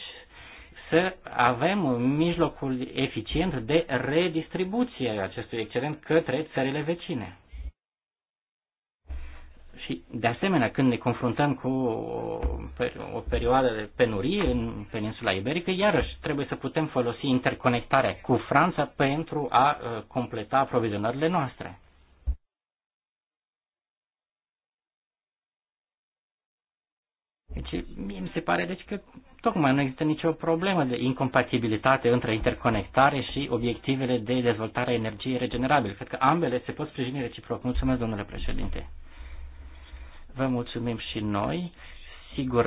să avem un mijlocul eficient de redistribuție a acestui excedent către țările vecine. Și, de asemenea, când ne confruntăm cu o perioadă de penurie în peninsula iberică, iarăși trebuie să putem folosi interconectarea cu Franța pentru a uh, completa aprovizionările noastre. Deci, mie mi se pare deci, că tocmai nu există nicio problemă de incompatibilitate între interconectare și obiectivele de dezvoltare a energiei regenerabile. Cred că ambele se pot sprijini reciproc. Mulțumesc, domnule președinte. Vă mulțumim și noi. Sigur,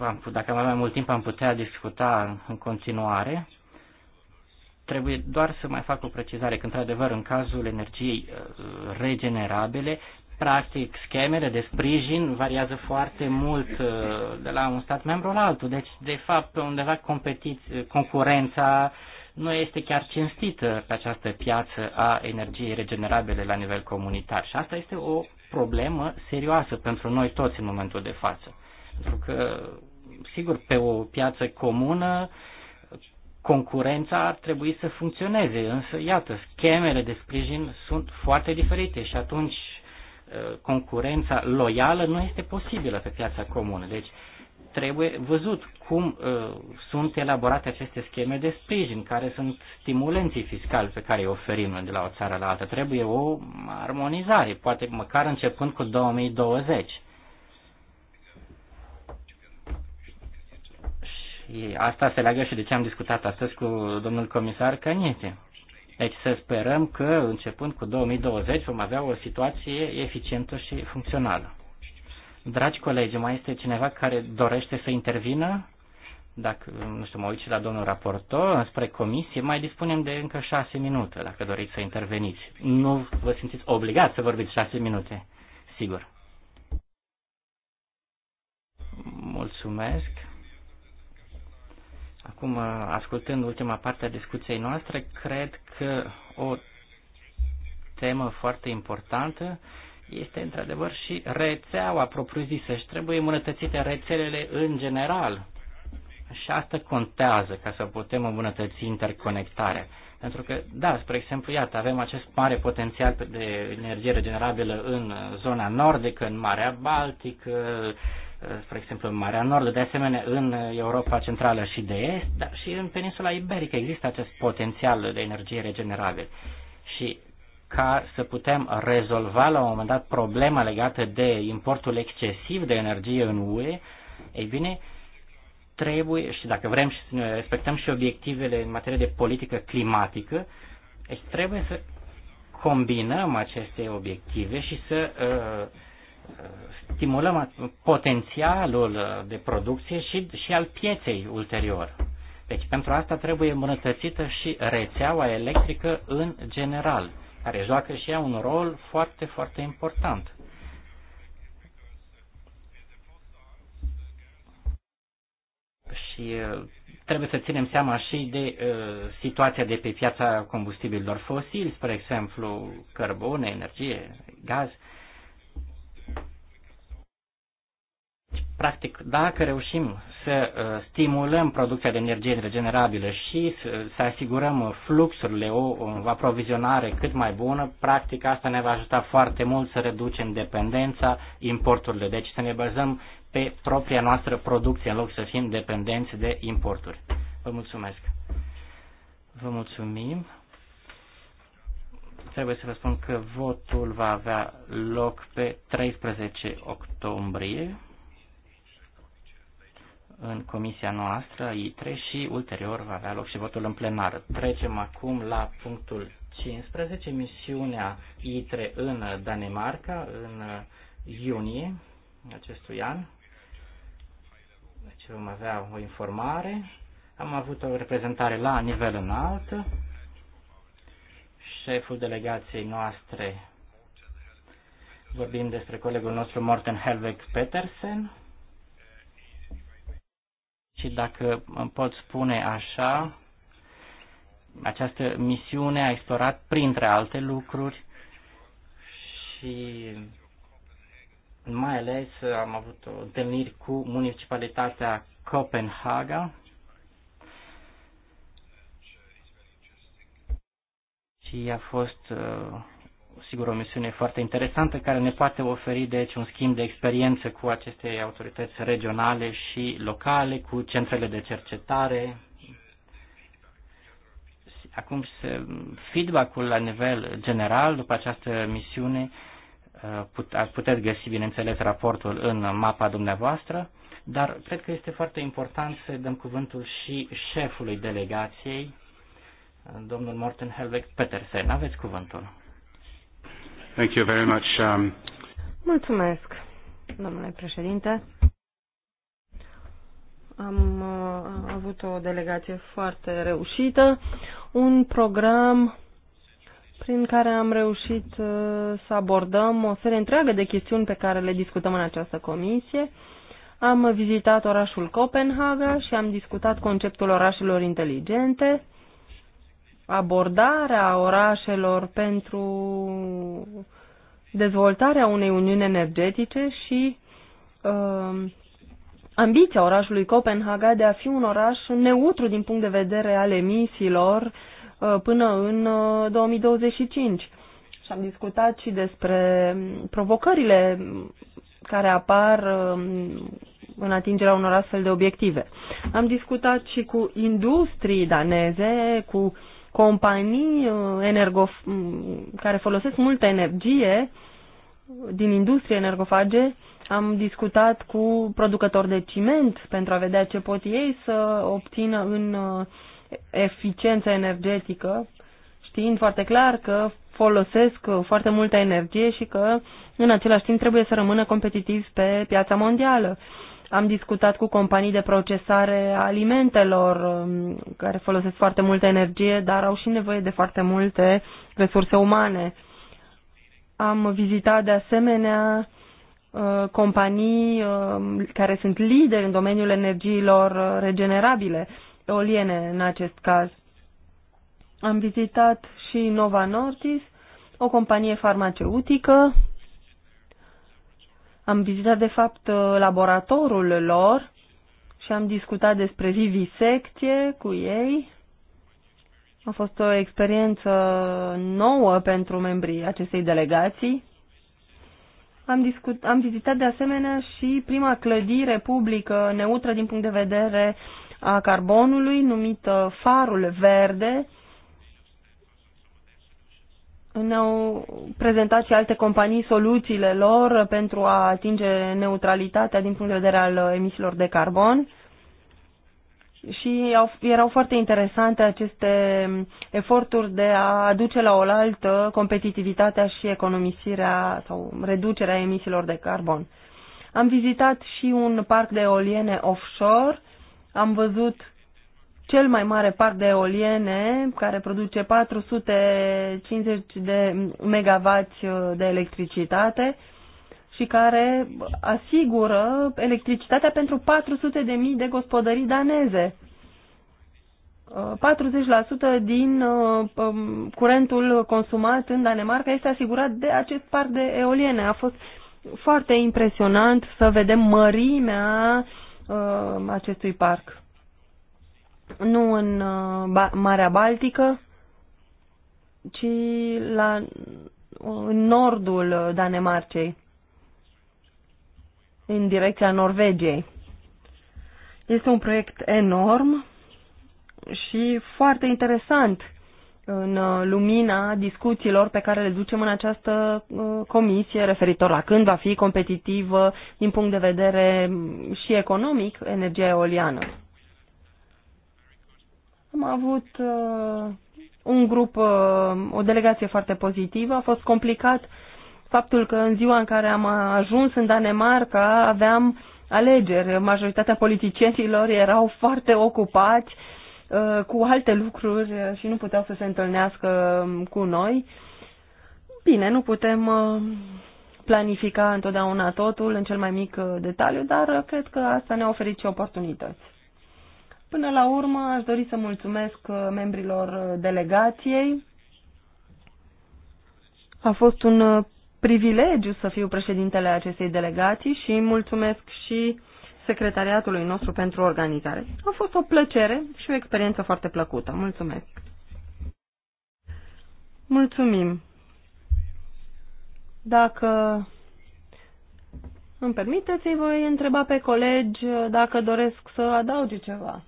am, dacă am mai mult timp am putea discuta în continuare. Trebuie doar să mai fac o precizare, că într-adevăr în cazul energiei uh, regenerabile, practic schemele de sprijin variază foarte mult uh, de la un stat membru la altul. Deci, de fapt, undeva competiți, uh, concurența nu este chiar cinstită pe această piață a energiei regenerabile la nivel comunitar. Și asta este o problemă serioasă pentru noi toți în momentul de față. Pentru că, sigur, pe o piață comună, concurența ar trebui să funcționeze, însă, iată, schemele de sprijin sunt foarte diferite și atunci uh, concurența loială nu este posibilă pe piața comună. Deci, trebuie văzut cum uh, sunt elaborate aceste scheme de sprijin, care sunt stimulenții fiscali pe care îi oferim de la o țară la alta. Trebuie o armonizare, poate măcar începând cu 2020. Și asta se leagă și de ce am discutat astăzi cu domnul comisar Căniete. Deci să sperăm că începând cu 2020 vom avea o situație eficientă și funcțională. Dragi colegi, mai este cineva care dorește să intervină? Dacă, nu știu, mă uit și la domnul raportor, spre comisie, mai dispunem de încă șase minute, dacă doriți să interveniți. Nu vă simțiți obligați să vorbiți șase minute, sigur. Mulțumesc. Acum, ascultând ultima parte a discuției noastre, cred că o temă foarte importantă este într-adevăr și rețeaua propriu-zisă și trebuie îmbunătățite rețelele în general. Și asta contează ca să putem îmbunătăți interconectarea. Pentru că, da, spre exemplu, iată, avem acest mare potențial de energie regenerabilă în zona nordică, în Marea Baltică, spre exemplu, în Marea Nordă, de asemenea în Europa Centrală și de Est, dar și în peninsula iberică există acest potențial de energie regenerabilă. Și ca să putem rezolva la un moment dat problema legată de importul excesiv de energie în UE, ei bine, trebuie și dacă vrem și să ne respectăm și obiectivele în materie de politică climatică, deci trebuie să combinăm aceste obiective și să uh, uh stimulăm potențialul uh, de producție și, și al pieței ulterior. Deci pentru asta trebuie îmbunătățită și rețeaua electrică în general care joacă și ea un rol foarte, foarte important. Și uh, trebuie să ținem seama și de uh, situația de pe piața combustibililor fosili, spre exemplu, cărbune, energie, gaz. Practic, dacă reușim să uh, stimulăm producția de energie regenerabilă și să asigurăm fluxurile, o aprovizionare cât mai bună, practic asta ne va ajuta foarte mult să reducem dependența importurilor Deci să ne bazăm pe propria noastră producție în loc să fim dependenți de importuri. Vă mulțumesc. Vă mulțumim. Trebuie să vă spun că votul va avea loc pe 13 octombrie în comisia noastră, I3, și ulterior va avea loc și votul în plenară. Trecem acum la punctul 15, misiunea I3 în Danemarca, în iunie acestui an. Deci vom avea o informare. Am avut o reprezentare la nivel înalt. Șeful delegației noastre, vorbim despre colegul nostru Morten Helveg Petersen, și dacă îmi pot spune așa, această misiune a explorat, printre alte lucruri, și mai ales am avut o întâlniri cu municipalitatea Copenhaga și a fost uh, sigur, o misiune foarte interesantă care ne poate oferi, deci, un schimb de experiență cu aceste autorități regionale și locale, cu centrele de cercetare. Acum, feedback-ul la nivel general după această misiune uh, ați puteți găsi, bineînțeles, raportul în mapa dumneavoastră, dar cred că este foarte important să dăm cuvântul și șefului delegației, domnul Morten Helweg Petersen. Aveți cuvântul. Thank you very much. Um... Mulțumesc, domnule președinte. Am uh, avut o delegație foarte reușită, un program prin care am reușit uh, să abordăm o serie întreagă de chestiuni pe care le discutăm în această comisie. Am vizitat orașul Copenhaga și am discutat conceptul orașelor inteligente abordarea orașelor pentru dezvoltarea unei uniuni energetice și uh, ambiția orașului Copenhaga de a fi un oraș neutru din punct de vedere al emisiilor uh, până în uh, 2025. Și am discutat și despre provocările care apar uh, în atingerea unor astfel de obiective. Am discutat și cu industrii daneze, cu companii uh, energo mm, care folosesc multă energie din industrie energofage. Am discutat cu producători de ciment pentru a vedea ce pot ei să obțină în uh, eficiență energetică, știind foarte clar că folosesc uh, foarte multă energie și că în același timp trebuie să rămână competitivi pe piața mondială. Am discutat cu companii de procesare a alimentelor um, care folosesc foarte multă energie, dar au și nevoie de foarte multe resurse umane. Am vizitat de asemenea uh, companii um, care sunt lideri în domeniul energiilor uh, regenerabile, eoliene în acest caz. Am vizitat și Nova Nordis, o companie farmaceutică am vizitat, de fapt, uh, laboratorul lor și am discutat despre vivisecție cu ei. A fost o experiență nouă pentru membrii acestei delegații. Am, discut, am vizitat de asemenea și prima clădire publică neutră din punct de vedere a carbonului, numită Farul Verde, ne-au prezentat și alte companii soluțiile lor pentru a atinge neutralitatea din punct de vedere al emisiilor de carbon și au, erau foarte interesante aceste eforturi de a aduce la oaltă competitivitatea și economisirea sau reducerea emisiilor de carbon. Am vizitat și un parc de eoliene offshore, am văzut cel mai mare parc de eoliene, care produce 450 de megavați uh, de electricitate și care asigură electricitatea pentru 400 de mii de gospodării daneze. 40% uh, din uh, um, curentul consumat în Danemarca este asigurat de acest parc de eoliene. A fost foarte impresionant să vedem mărimea acestui parc nu în uh, ba Marea Baltică, ci la, uh, în nordul Danemarcei, în direcția Norvegiei. Este un proiect enorm și foarte interesant în uh, lumina discuțiilor pe care le ducem în această comisie referitor la când va fi competitivă din punct de vedere și economic energia eoliană. Am avut uh, un grup, uh, o delegație foarte pozitivă. A fost complicat faptul că în ziua în care am ajuns în Danemarca aveam alegeri. Majoritatea politicienilor erau foarte ocupați uh, cu alte lucruri uh, și nu puteau să se întâlnească um, cu noi. Bine, nu putem uh, planifica întotdeauna totul în cel mai mic uh, detaliu, dar uh, cred că asta ne-a oferit și oportunități. Până la urmă, aș dori să mulțumesc uh, membrilor uh, delegației. A fost un uh, privilegiu să fiu președintele acestei delegații și mulțumesc și secretariatului nostru pentru organizare. A fost o plăcere și o experiență foarte plăcută. Mulțumesc! Mulțumim! Dacă îmi permiteți, îi voi întreba pe colegi dacă doresc să adaugi ceva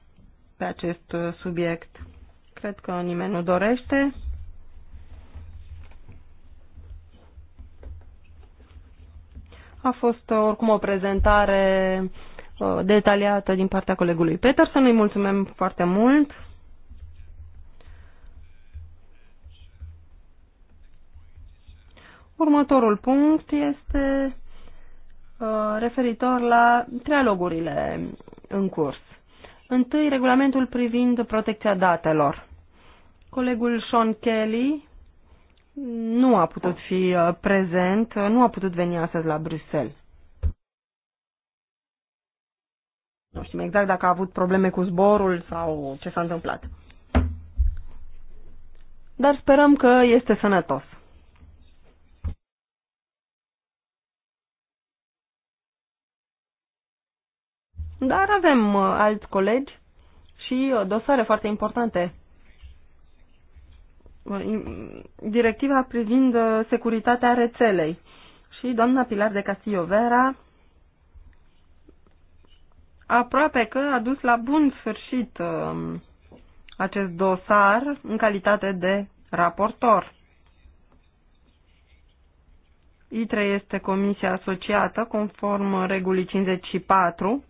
pe acest uh, subiect. Cred că nimeni nu dorește. A fost uh, oricum o prezentare uh, detaliată din partea colegului Peter. Să nu-i mulțumim foarte mult. Următorul punct este referitor la trialogurile în curs. Întâi, regulamentul privind protecția datelor. Colegul Sean Kelly nu a putut fi uh, prezent, uh, nu a putut veni astăzi la Bruxelles. Nu știm exact dacă a avut probleme cu zborul sau ce s-a întâmplat. Dar sperăm că este sănătos. Dar avem uh, alți colegi și uh, dosare foarte importante. Uh, directiva privind securitatea rețelei și doamna Pilar de Castillo Vera aproape că a dus la bun sfârșit um, acest dosar în calitate de raportor. ITRE este comisia asociată conform regulii 54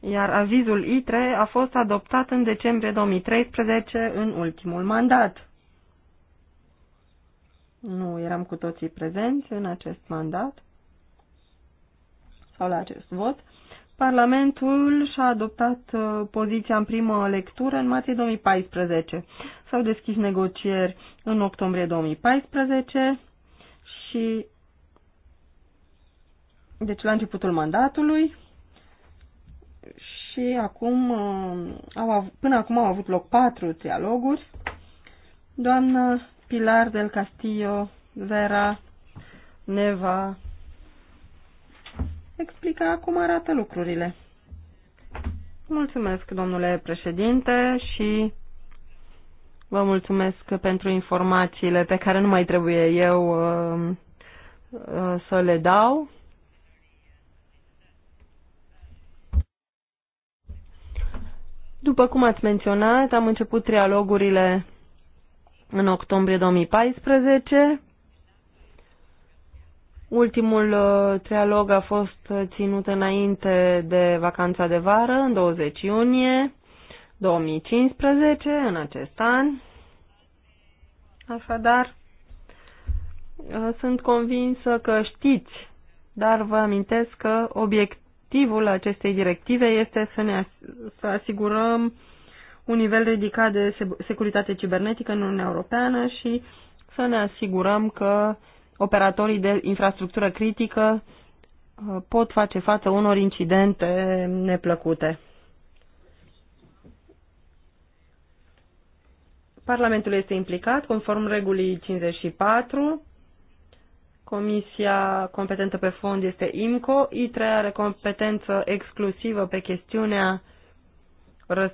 iar avizul ITRE a fost adoptat în decembrie 2013 în ultimul mandat. Nu eram cu toții prezenți în acest mandat sau la acest vot. Parlamentul și-a adoptat uh, poziția în primă lectură în martie 2014. S-au deschis negocieri în octombrie 2014 și deci la începutul mandatului și acum, uh, au av- până acum au avut loc patru trialoguri. Doamna Pilar del Castillo Vera Neva, explica cum arată lucrurile. Mulțumesc, domnule președinte, și vă mulțumesc pentru informațiile pe care nu mai trebuie eu uh, uh, să le dau. După cum ați menționat, am început trialogurile în octombrie 2014. Ultimul uh, trialog a fost ținut înainte de vacanța de vară, în 20 iunie 2015, în acest an. Așadar, uh, sunt convinsă că știți, dar vă amintesc că obiect obiectivul acestei directive este să ne să asigurăm un nivel ridicat de securitate cibernetică în Uniunea Europeană și să ne asigurăm că operatorii de infrastructură critică uh, pot face față unor incidente neplăcute. Parlamentul este implicat conform regulii 54 Comisia competentă pe fond este IMCO, I3 are competență exclusivă pe chestiunea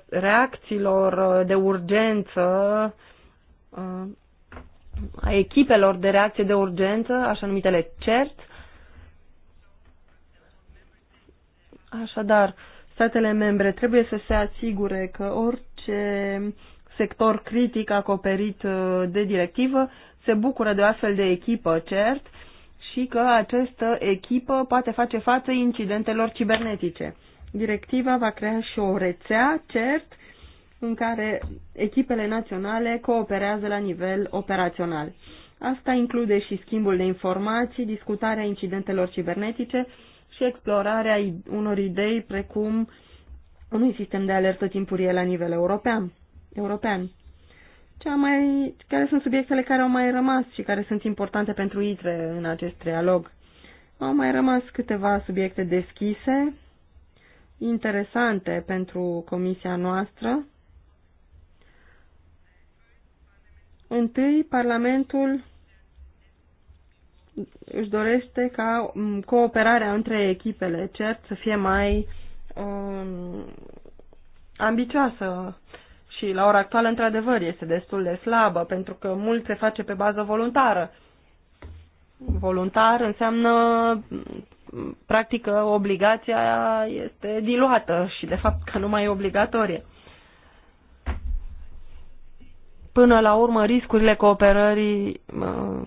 reacțiilor uh, de urgență, uh, a echipelor de reacție de urgență, așa numitele CERT. Așadar, statele membre trebuie să se asigure că orice sector critic acoperit uh, de directivă se bucură de o astfel de echipă CERT și că această echipă poate face față incidentelor cibernetice. Directiva va crea și o rețea, CERT, în care echipele naționale cooperează la nivel operațional. Asta include și schimbul de informații, discutarea incidentelor cibernetice și explorarea unor idei precum unui sistem de alertă timpurie la nivel european. european cea mai, care sunt subiectele care au mai rămas și care sunt importante pentru ITRE în acest trialog. Au mai rămas câteva subiecte deschise, interesante pentru comisia noastră. Întâi, Parlamentul își dorește ca mm, cooperarea între echipele CERT să fie mai um, ambicioasă și la ora actuală, într-adevăr, este destul de slabă, pentru că mult se face pe bază voluntară. Voluntar înseamnă, practic, că obligația este diluată și, de fapt, că nu mai e obligatorie. Până la urmă, riscurile cooperării, uh,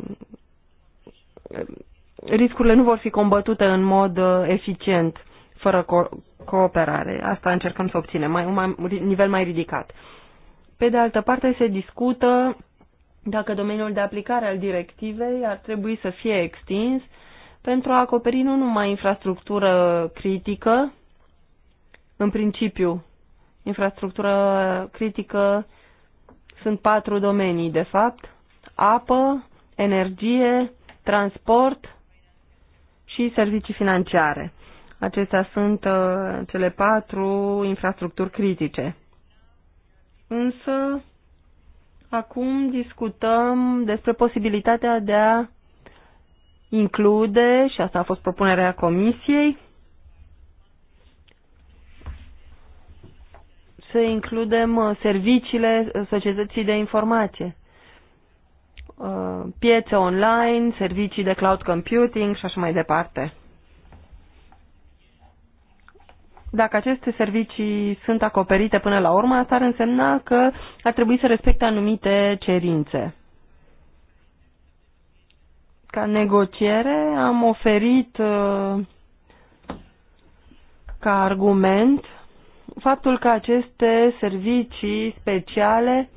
riscurile nu vor fi combătute în mod uh, eficient fără co cooperare. Asta încercăm să obținem, mai, un mai, nivel mai ridicat. Pe de altă parte, se discută dacă domeniul de aplicare al directivei ar trebui să fie extins pentru a acoperi nu numai infrastructură critică, în principiu, infrastructură critică sunt patru domenii, de fapt, apă, energie, transport și servicii financiare. Acestea sunt uh, cele patru infrastructuri critice. Însă, acum discutăm despre posibilitatea de a include, și asta a fost propunerea Comisiei, să includem uh, serviciile uh, societății de informație, uh, piețe online, servicii de cloud computing și așa mai departe. Dacă aceste servicii sunt acoperite până la urmă, asta ar însemna că ar trebui să respecte anumite cerințe. Ca negociere am oferit uh, ca argument faptul că aceste servicii speciale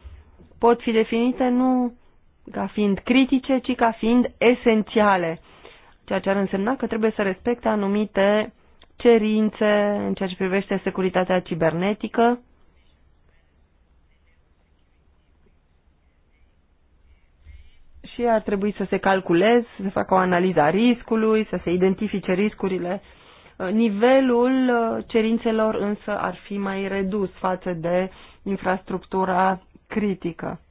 pot fi definite nu ca fiind critice, ci ca fiind esențiale, ceea ce ar însemna că trebuie să respecte anumite cerințe în ceea ce privește securitatea cibernetică. Și ar trebui să se calculeze, să se facă o analiză a riscului, să se identifice riscurile. Nivelul uh, cerințelor însă ar fi mai redus față de infrastructura critică.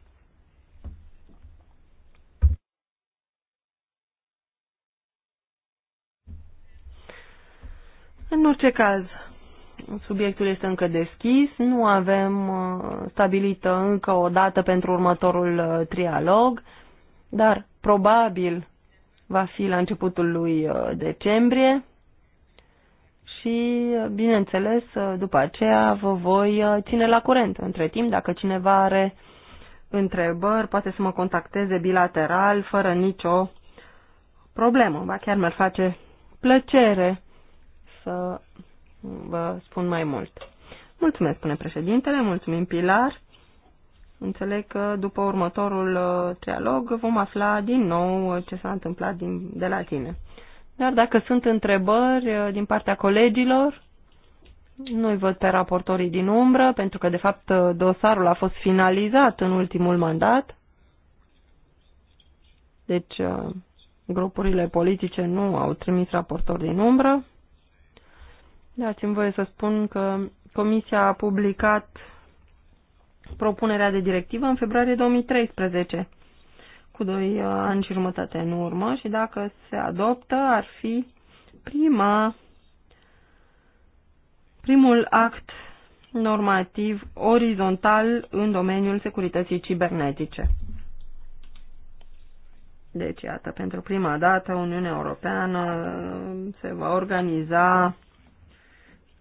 În orice caz, subiectul este încă deschis, nu avem uh, stabilită încă o dată pentru următorul uh, trialog, dar probabil va fi la începutul lui uh, decembrie și, bineînțeles, după aceea vă voi ține la curent. Între timp, dacă cineva are întrebări, poate să mă contacteze bilateral, fără nicio problemă. Ba chiar mi-ar face plăcere să vă spun mai mult. Mulțumesc, spune președintele, mulțumim Pilar. Înțeleg că după următorul uh, trialog vom afla din nou uh, ce s-a întâmplat din, de la tine. Dar dacă sunt întrebări uh, din partea colegilor, nu-i văd pe raportorii din umbră, pentru că, de fapt, dosarul a fost finalizat în ultimul mandat. Deci, grupurile politice nu au trimis raportori din umbră. Dați-mi voie să spun că Comisia a publicat propunerea de directivă în februarie 2013, cu doi uh, ani și jumătate în urmă, și dacă se adoptă, ar fi prima, primul act normativ orizontal în domeniul securității cibernetice. Deci, iată, pentru prima dată Uniunea Europeană uh, se va organiza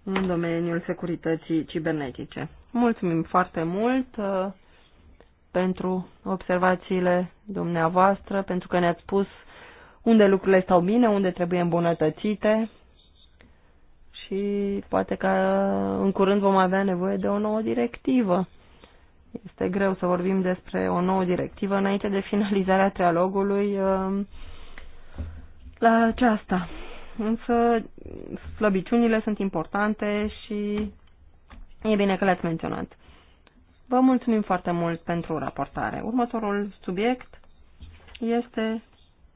în domeniul securității cibernetice. Mulțumim foarte mult uh, pentru observațiile dumneavoastră, pentru că ne-ați spus unde lucrurile stau bine, unde trebuie îmbunătățite și poate că în curând vom avea nevoie de o nouă directivă. Este greu să vorbim despre o nouă directivă înainte de finalizarea trialogului uh, la aceasta însă slăbiciunile sunt importante și e bine că le-ați menționat. Vă mulțumim foarte mult pentru raportare. Următorul subiect este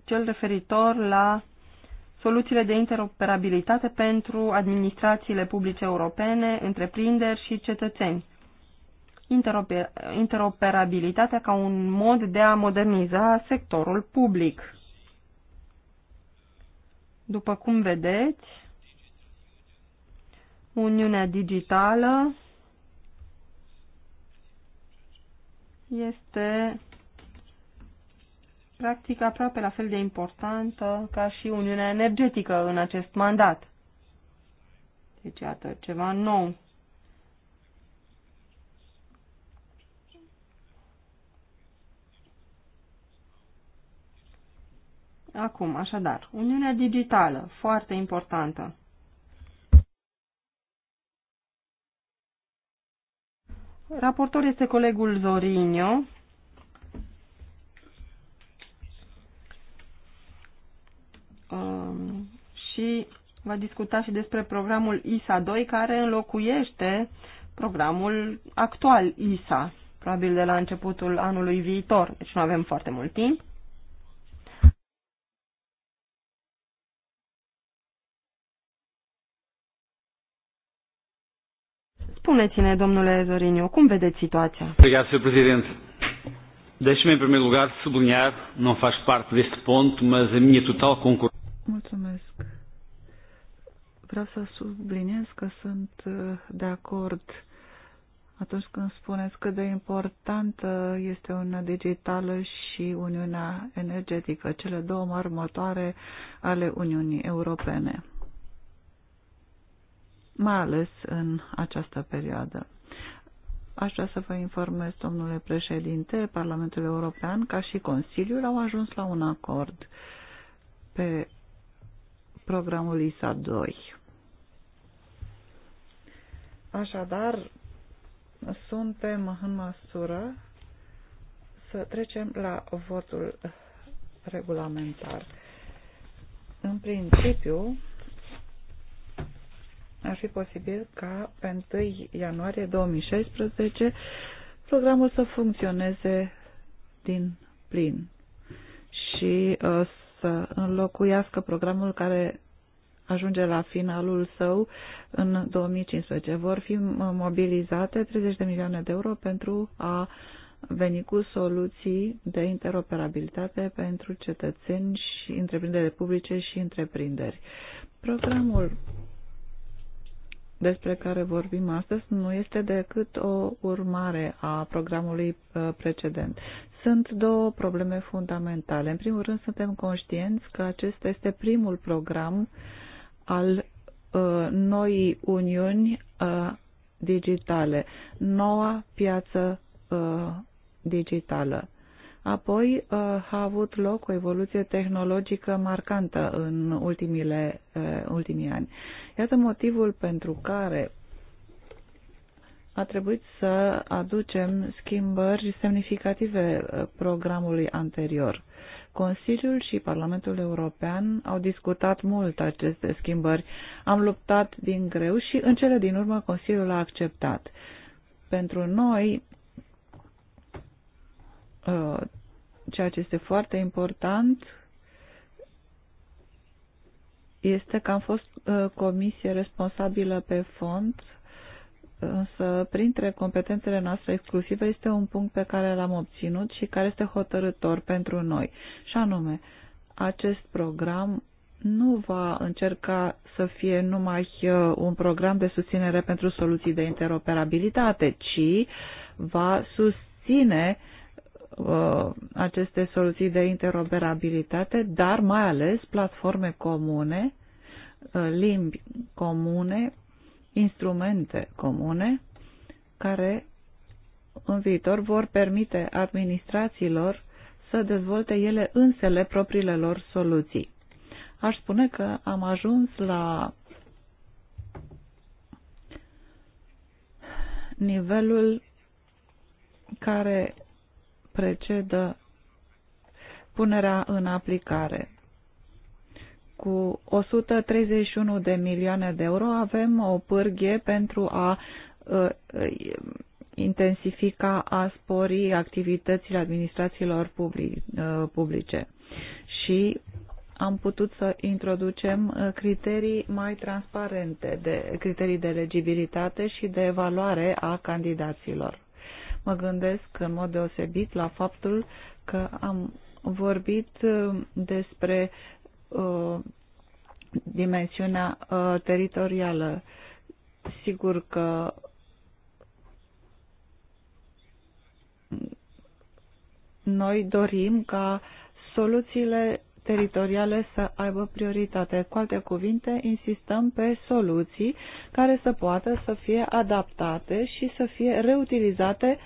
cel referitor la soluțiile de interoperabilitate pentru administrațiile publice europene, întreprinderi și cetățeni. Interoperabilitatea ca un mod de a moderniza sectorul public. După cum vedeți, Uniunea Digitală este practic aproape la fel de importantă ca și Uniunea Energetică în acest mandat. Deci, iată, ceva nou. Acum, așadar, Uniunea Digitală, foarte importantă. Raportor este colegul Zorinio. Um, și va discuta și despre programul ISA 2, care înlocuiește programul actual ISA, probabil de la începutul anului viitor, deci nu avem foarte mult timp. Spuneți-ne, domnule Zoriniu, cum vedeți situația? Obrigado, Sr. Presidente. Deixe-me, em primeiro lugar, sublinhar, não faz parte deste ponto, mas a minha total concordância. Mulțumesc. Vreau să subliniez că sunt uh, de acord atunci când spuneți cât de importantă este Uniunea Digitală și Uniunea Energetică, cele două mari motoare ale Uniunii Europene mai ales în această perioadă. Aș vrea să vă informez, domnule președinte, Parlamentul European, ca și Consiliul, au ajuns la un acord pe programul ISA 2. Așadar, suntem în măsură să trecem la votul regulamentar. În principiu, ar fi posibil ca pe 1 ianuarie 2016 programul să funcționeze din plin și uh, să înlocuiască programul care ajunge la finalul său în 2015. Vor fi uh, mobilizate 30 de milioane de euro pentru a veni cu soluții de interoperabilitate pentru cetățeni și întreprinderi publice și întreprinderi. Programul despre care vorbim astăzi nu este decât o urmare a programului uh, precedent. Sunt două probleme fundamentale. În primul rând, suntem conștienți că acesta este primul program al uh, noii uniuni uh, digitale, noua piață uh, digitală. Apoi uh, a avut loc o evoluție tehnologică marcantă în ultimile, uh, ultimii ani. Iată motivul pentru care a trebuit să aducem schimbări semnificative uh, programului anterior. Consiliul și Parlamentul European au discutat mult aceste schimbări. Am luptat din greu și în cele din urmă Consiliul a acceptat. Pentru noi, Uh, ceea ce este foarte important este că am fost uh, comisie responsabilă pe fond, însă printre competențele noastre exclusive este un punct pe care l-am obținut și care este hotărător pentru noi, și anume, acest program nu va încerca să fie numai uh, un program de susținere pentru soluții de interoperabilitate, ci va susține Uh, aceste soluții de interoperabilitate, dar mai ales platforme comune, uh, limbi comune, instrumente comune, care în viitor vor permite administrațiilor să dezvolte ele însele propriile lor soluții. Aș spune că am ajuns la nivelul care precedă punerea în aplicare. Cu 131 de milioane de euro avem o pârghie pentru a uh, intensifica, a spori activitățile administrațiilor public, uh, publice și am putut să introducem uh, criterii mai transparente, de criterii de legibilitate și de evaluare a candidaților. Mă gândesc în mod deosebit la faptul că am vorbit uh, despre uh, dimensiunea uh, teritorială. Sigur că noi dorim ca soluțiile teritoriale să aibă prioritate. Cu alte cuvinte, insistăm pe soluții care să poată să fie adaptate și să fie reutilizate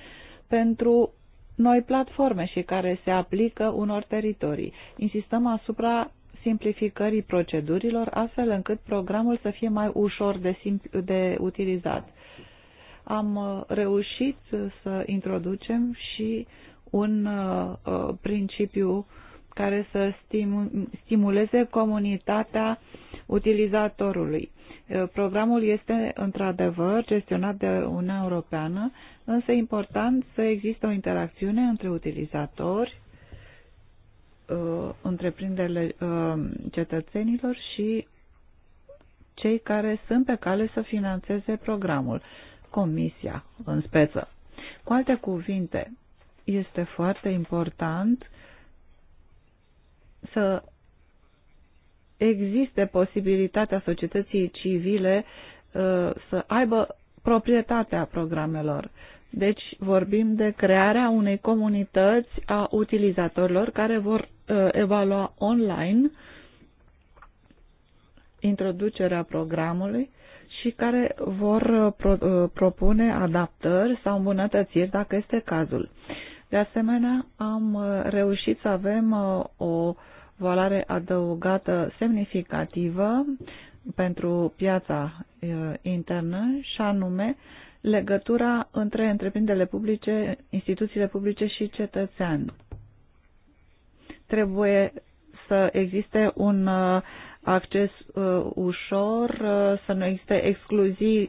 pentru noi platforme și care se aplică unor teritorii. Insistăm asupra simplificării procedurilor, astfel încât programul să fie mai ușor de, de utilizat. Am uh, reușit să introducem și un uh, uh principiu care să stimuleze comunitatea utilizatorului. Uh, programul este într-adevăr gestionat de Uniunea Europeană, însă e important să există o interacțiune între utilizatori, uh, întreprinderile uh, cetățenilor și cei care sunt pe cale să financeze programul, comisia în speță. Cu alte cuvinte, este foarte important uh, să existe posibilitatea societății civile uh, să aibă proprietatea programelor. Deci vorbim de crearea unei comunități a utilizatorilor care vor uh, evalua online introducerea programului și care vor uh, pro, propune adaptări sau îmbunătățiri dacă este cazul. De asemenea, am uh, reușit să avem uh, o valoare adăugată semnificativă pentru piața uh, internă și anume legătura între întreprinderile publice, instituțiile publice și cetățean. Trebuie să existe un acces ușor, să nu existe excluzii,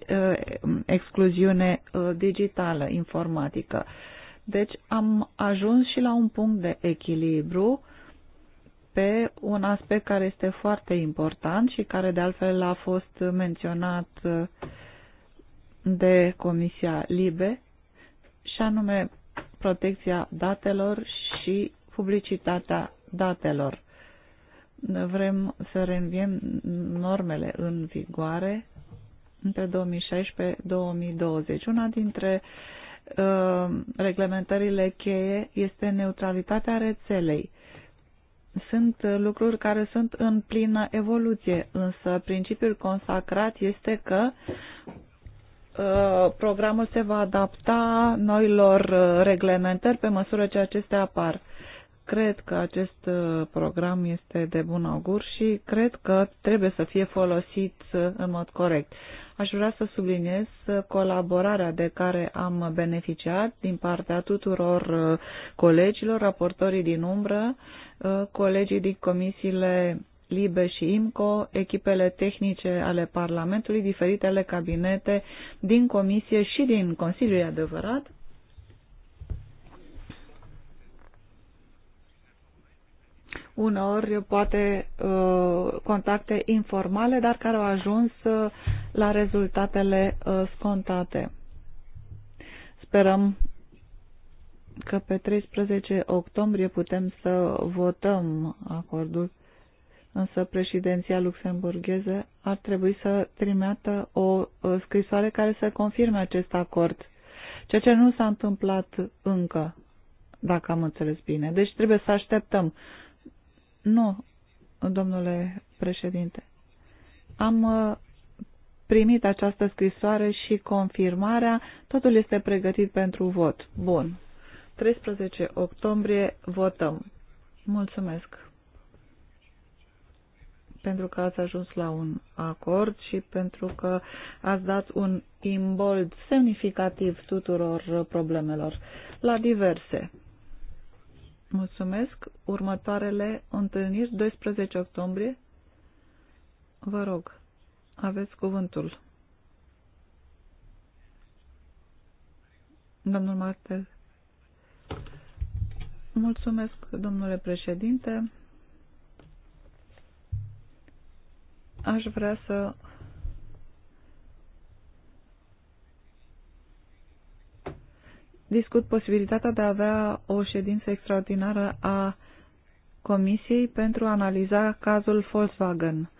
excluziune digitală, informatică. Deci am ajuns și la un punct de echilibru pe un aspect care este foarte important și care de altfel a fost menționat uh, de Comisia Libe și anume protecția datelor și publicitatea datelor. Vrem să reînviem normele în vigoare între 2016-2020. Una dintre uh, Uh, reglementările cheie este neutralitatea rețelei. Sunt lucruri care sunt în plină evoluție, însă principiul consacrat este că uh, programul se va adapta noilor uh, reglementări pe măsură ce acestea apar. Cred că acest program este de bun augur și cred că trebuie să fie folosit în mod corect. Aș vrea să subliniez colaborarea de care am beneficiat din partea tuturor uh, colegilor, raportorii din umbră, uh, colegii din comisiile LIBE și IMCO, echipele tehnice ale Parlamentului, diferitele cabinete din Comisie și din Consiliul adevărat, uneori poate uh, contacte informale, dar care au ajuns uh, la rezultatele uh, scontate. Sperăm că pe 13 octombrie putem să votăm acordul, însă președinția luxemburgheză ar trebui să trimeată o scrisoare care să confirme acest acord, ceea ce nu s-a întâmplat încă, dacă am înțeles bine. Deci trebuie să așteptăm nu, domnule președinte. Am uh, primit această scrisoare și confirmarea. Totul este pregătit pentru vot. Bun. 13 octombrie votăm. Mulțumesc pentru că ați ajuns la un acord și pentru că ați dat un imbold semnificativ tuturor problemelor la diverse. Mulțumesc. Următoarele întâlniri, 12 octombrie. Vă rog, aveți cuvântul. Domnul Martel. Mulțumesc, domnule președinte. Aș vrea să discut posibilitatea de a avea o ședință extraordinară a Comisiei pentru a analiza cazul Volkswagen.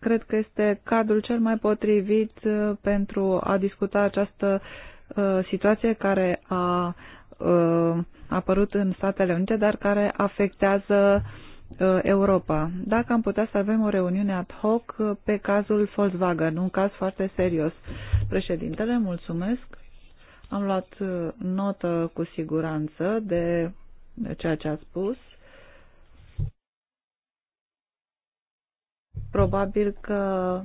Cred că este cadrul cel mai potrivit uh, pentru a discuta această uh, situație care a uh, apărut în Statele Unite, dar care afectează uh, Uh, Europa. Dacă am putea să avem o reuniune ad hoc uh, pe cazul Volkswagen, un caz foarte serios. Președintele, mulțumesc. Am luat uh, notă cu siguranță de ceea ce ați spus. Probabil că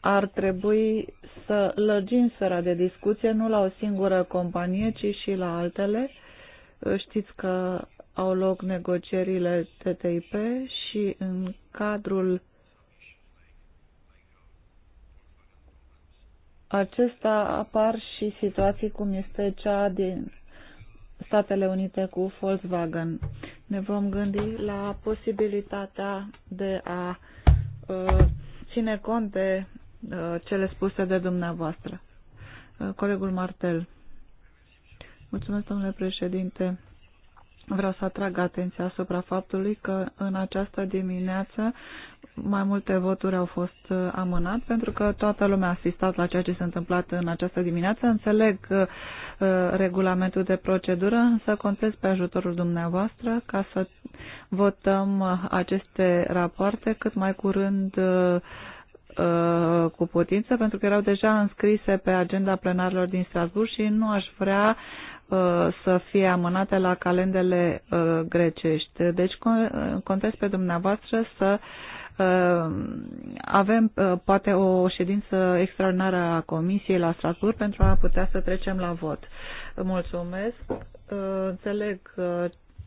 ar trebui să lărgim sfera de discuție nu la o singură companie, ci și la altele. Știți că au loc negocierile TTIP și în cadrul acesta apar și situații cum este cea din Statele Unite cu Volkswagen. Ne vom gândi la posibilitatea de a uh, ține cont de uh, cele spuse de dumneavoastră. Uh, colegul Martel. Mulțumesc, domnule președinte. Vreau să atrag atenția asupra faptului că în această dimineață mai multe voturi au fost uh, amânat pentru că toată lumea a asistat la ceea ce s-a întâmplat în această dimineață. Înțeleg uh, uh regulamentul de procedură, însă contez pe ajutorul dumneavoastră ca să votăm uh, aceste rapoarte cât mai curând uh, cu putință, pentru că erau deja înscrise pe agenda plenarilor din Strasburg și nu aș vrea Uh, să fie amânate la calendele uh, grecești. Deci uh, contez pe dumneavoastră să avem poate o ședință extraordinară a Comisiei la Strasbourg pentru a putea să trecem la vot. Mulțumesc. Înțeleg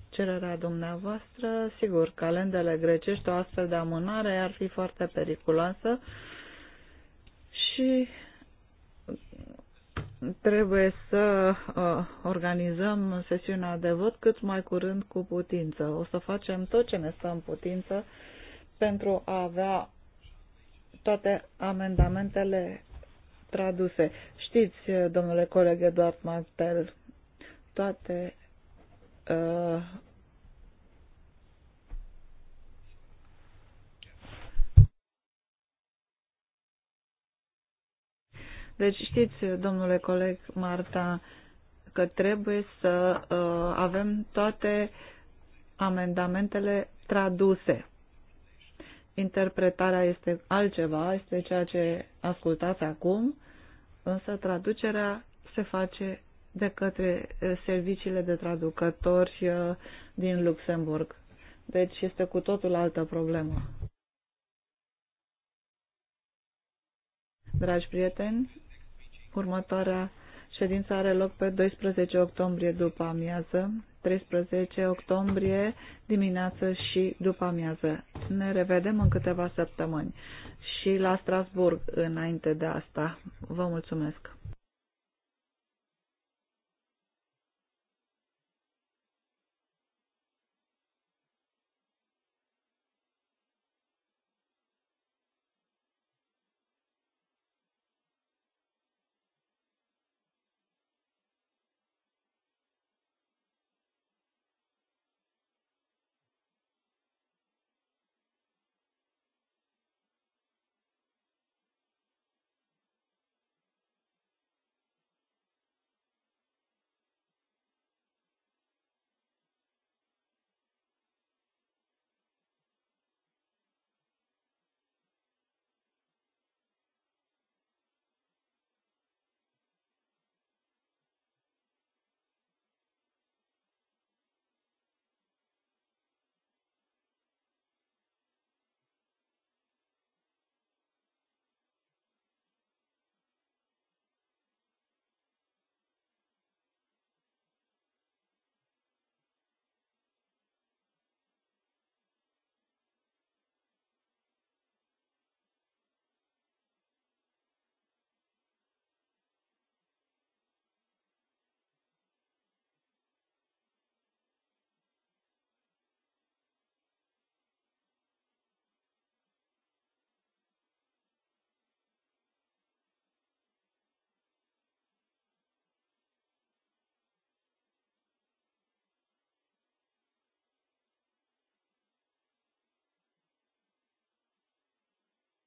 cererea dumneavoastră. Sigur, calendele grecești, o astfel de amânare ar fi foarte periculoasă și trebuie să uh, organizăm sesiunea de vot cât mai curând cu putință. O să facem tot ce ne stă în putință pentru a avea toate amendamentele traduse. Știți, domnule coleg Eduard Martel, toate uh, Deci știți, domnule coleg Marta, că trebuie să uh, avem toate amendamentele traduse. Interpretarea este altceva, este ceea ce ascultați acum, însă traducerea se face de către uh, serviciile de traducători uh, din Luxemburg. Deci este cu totul altă problemă. Dragi prieteni, Următoarea ședință are loc pe 12 octombrie după amiază, 13 octombrie dimineață și după amiază. Ne revedem în câteva săptămâni și la Strasburg înainte de asta. Vă mulțumesc!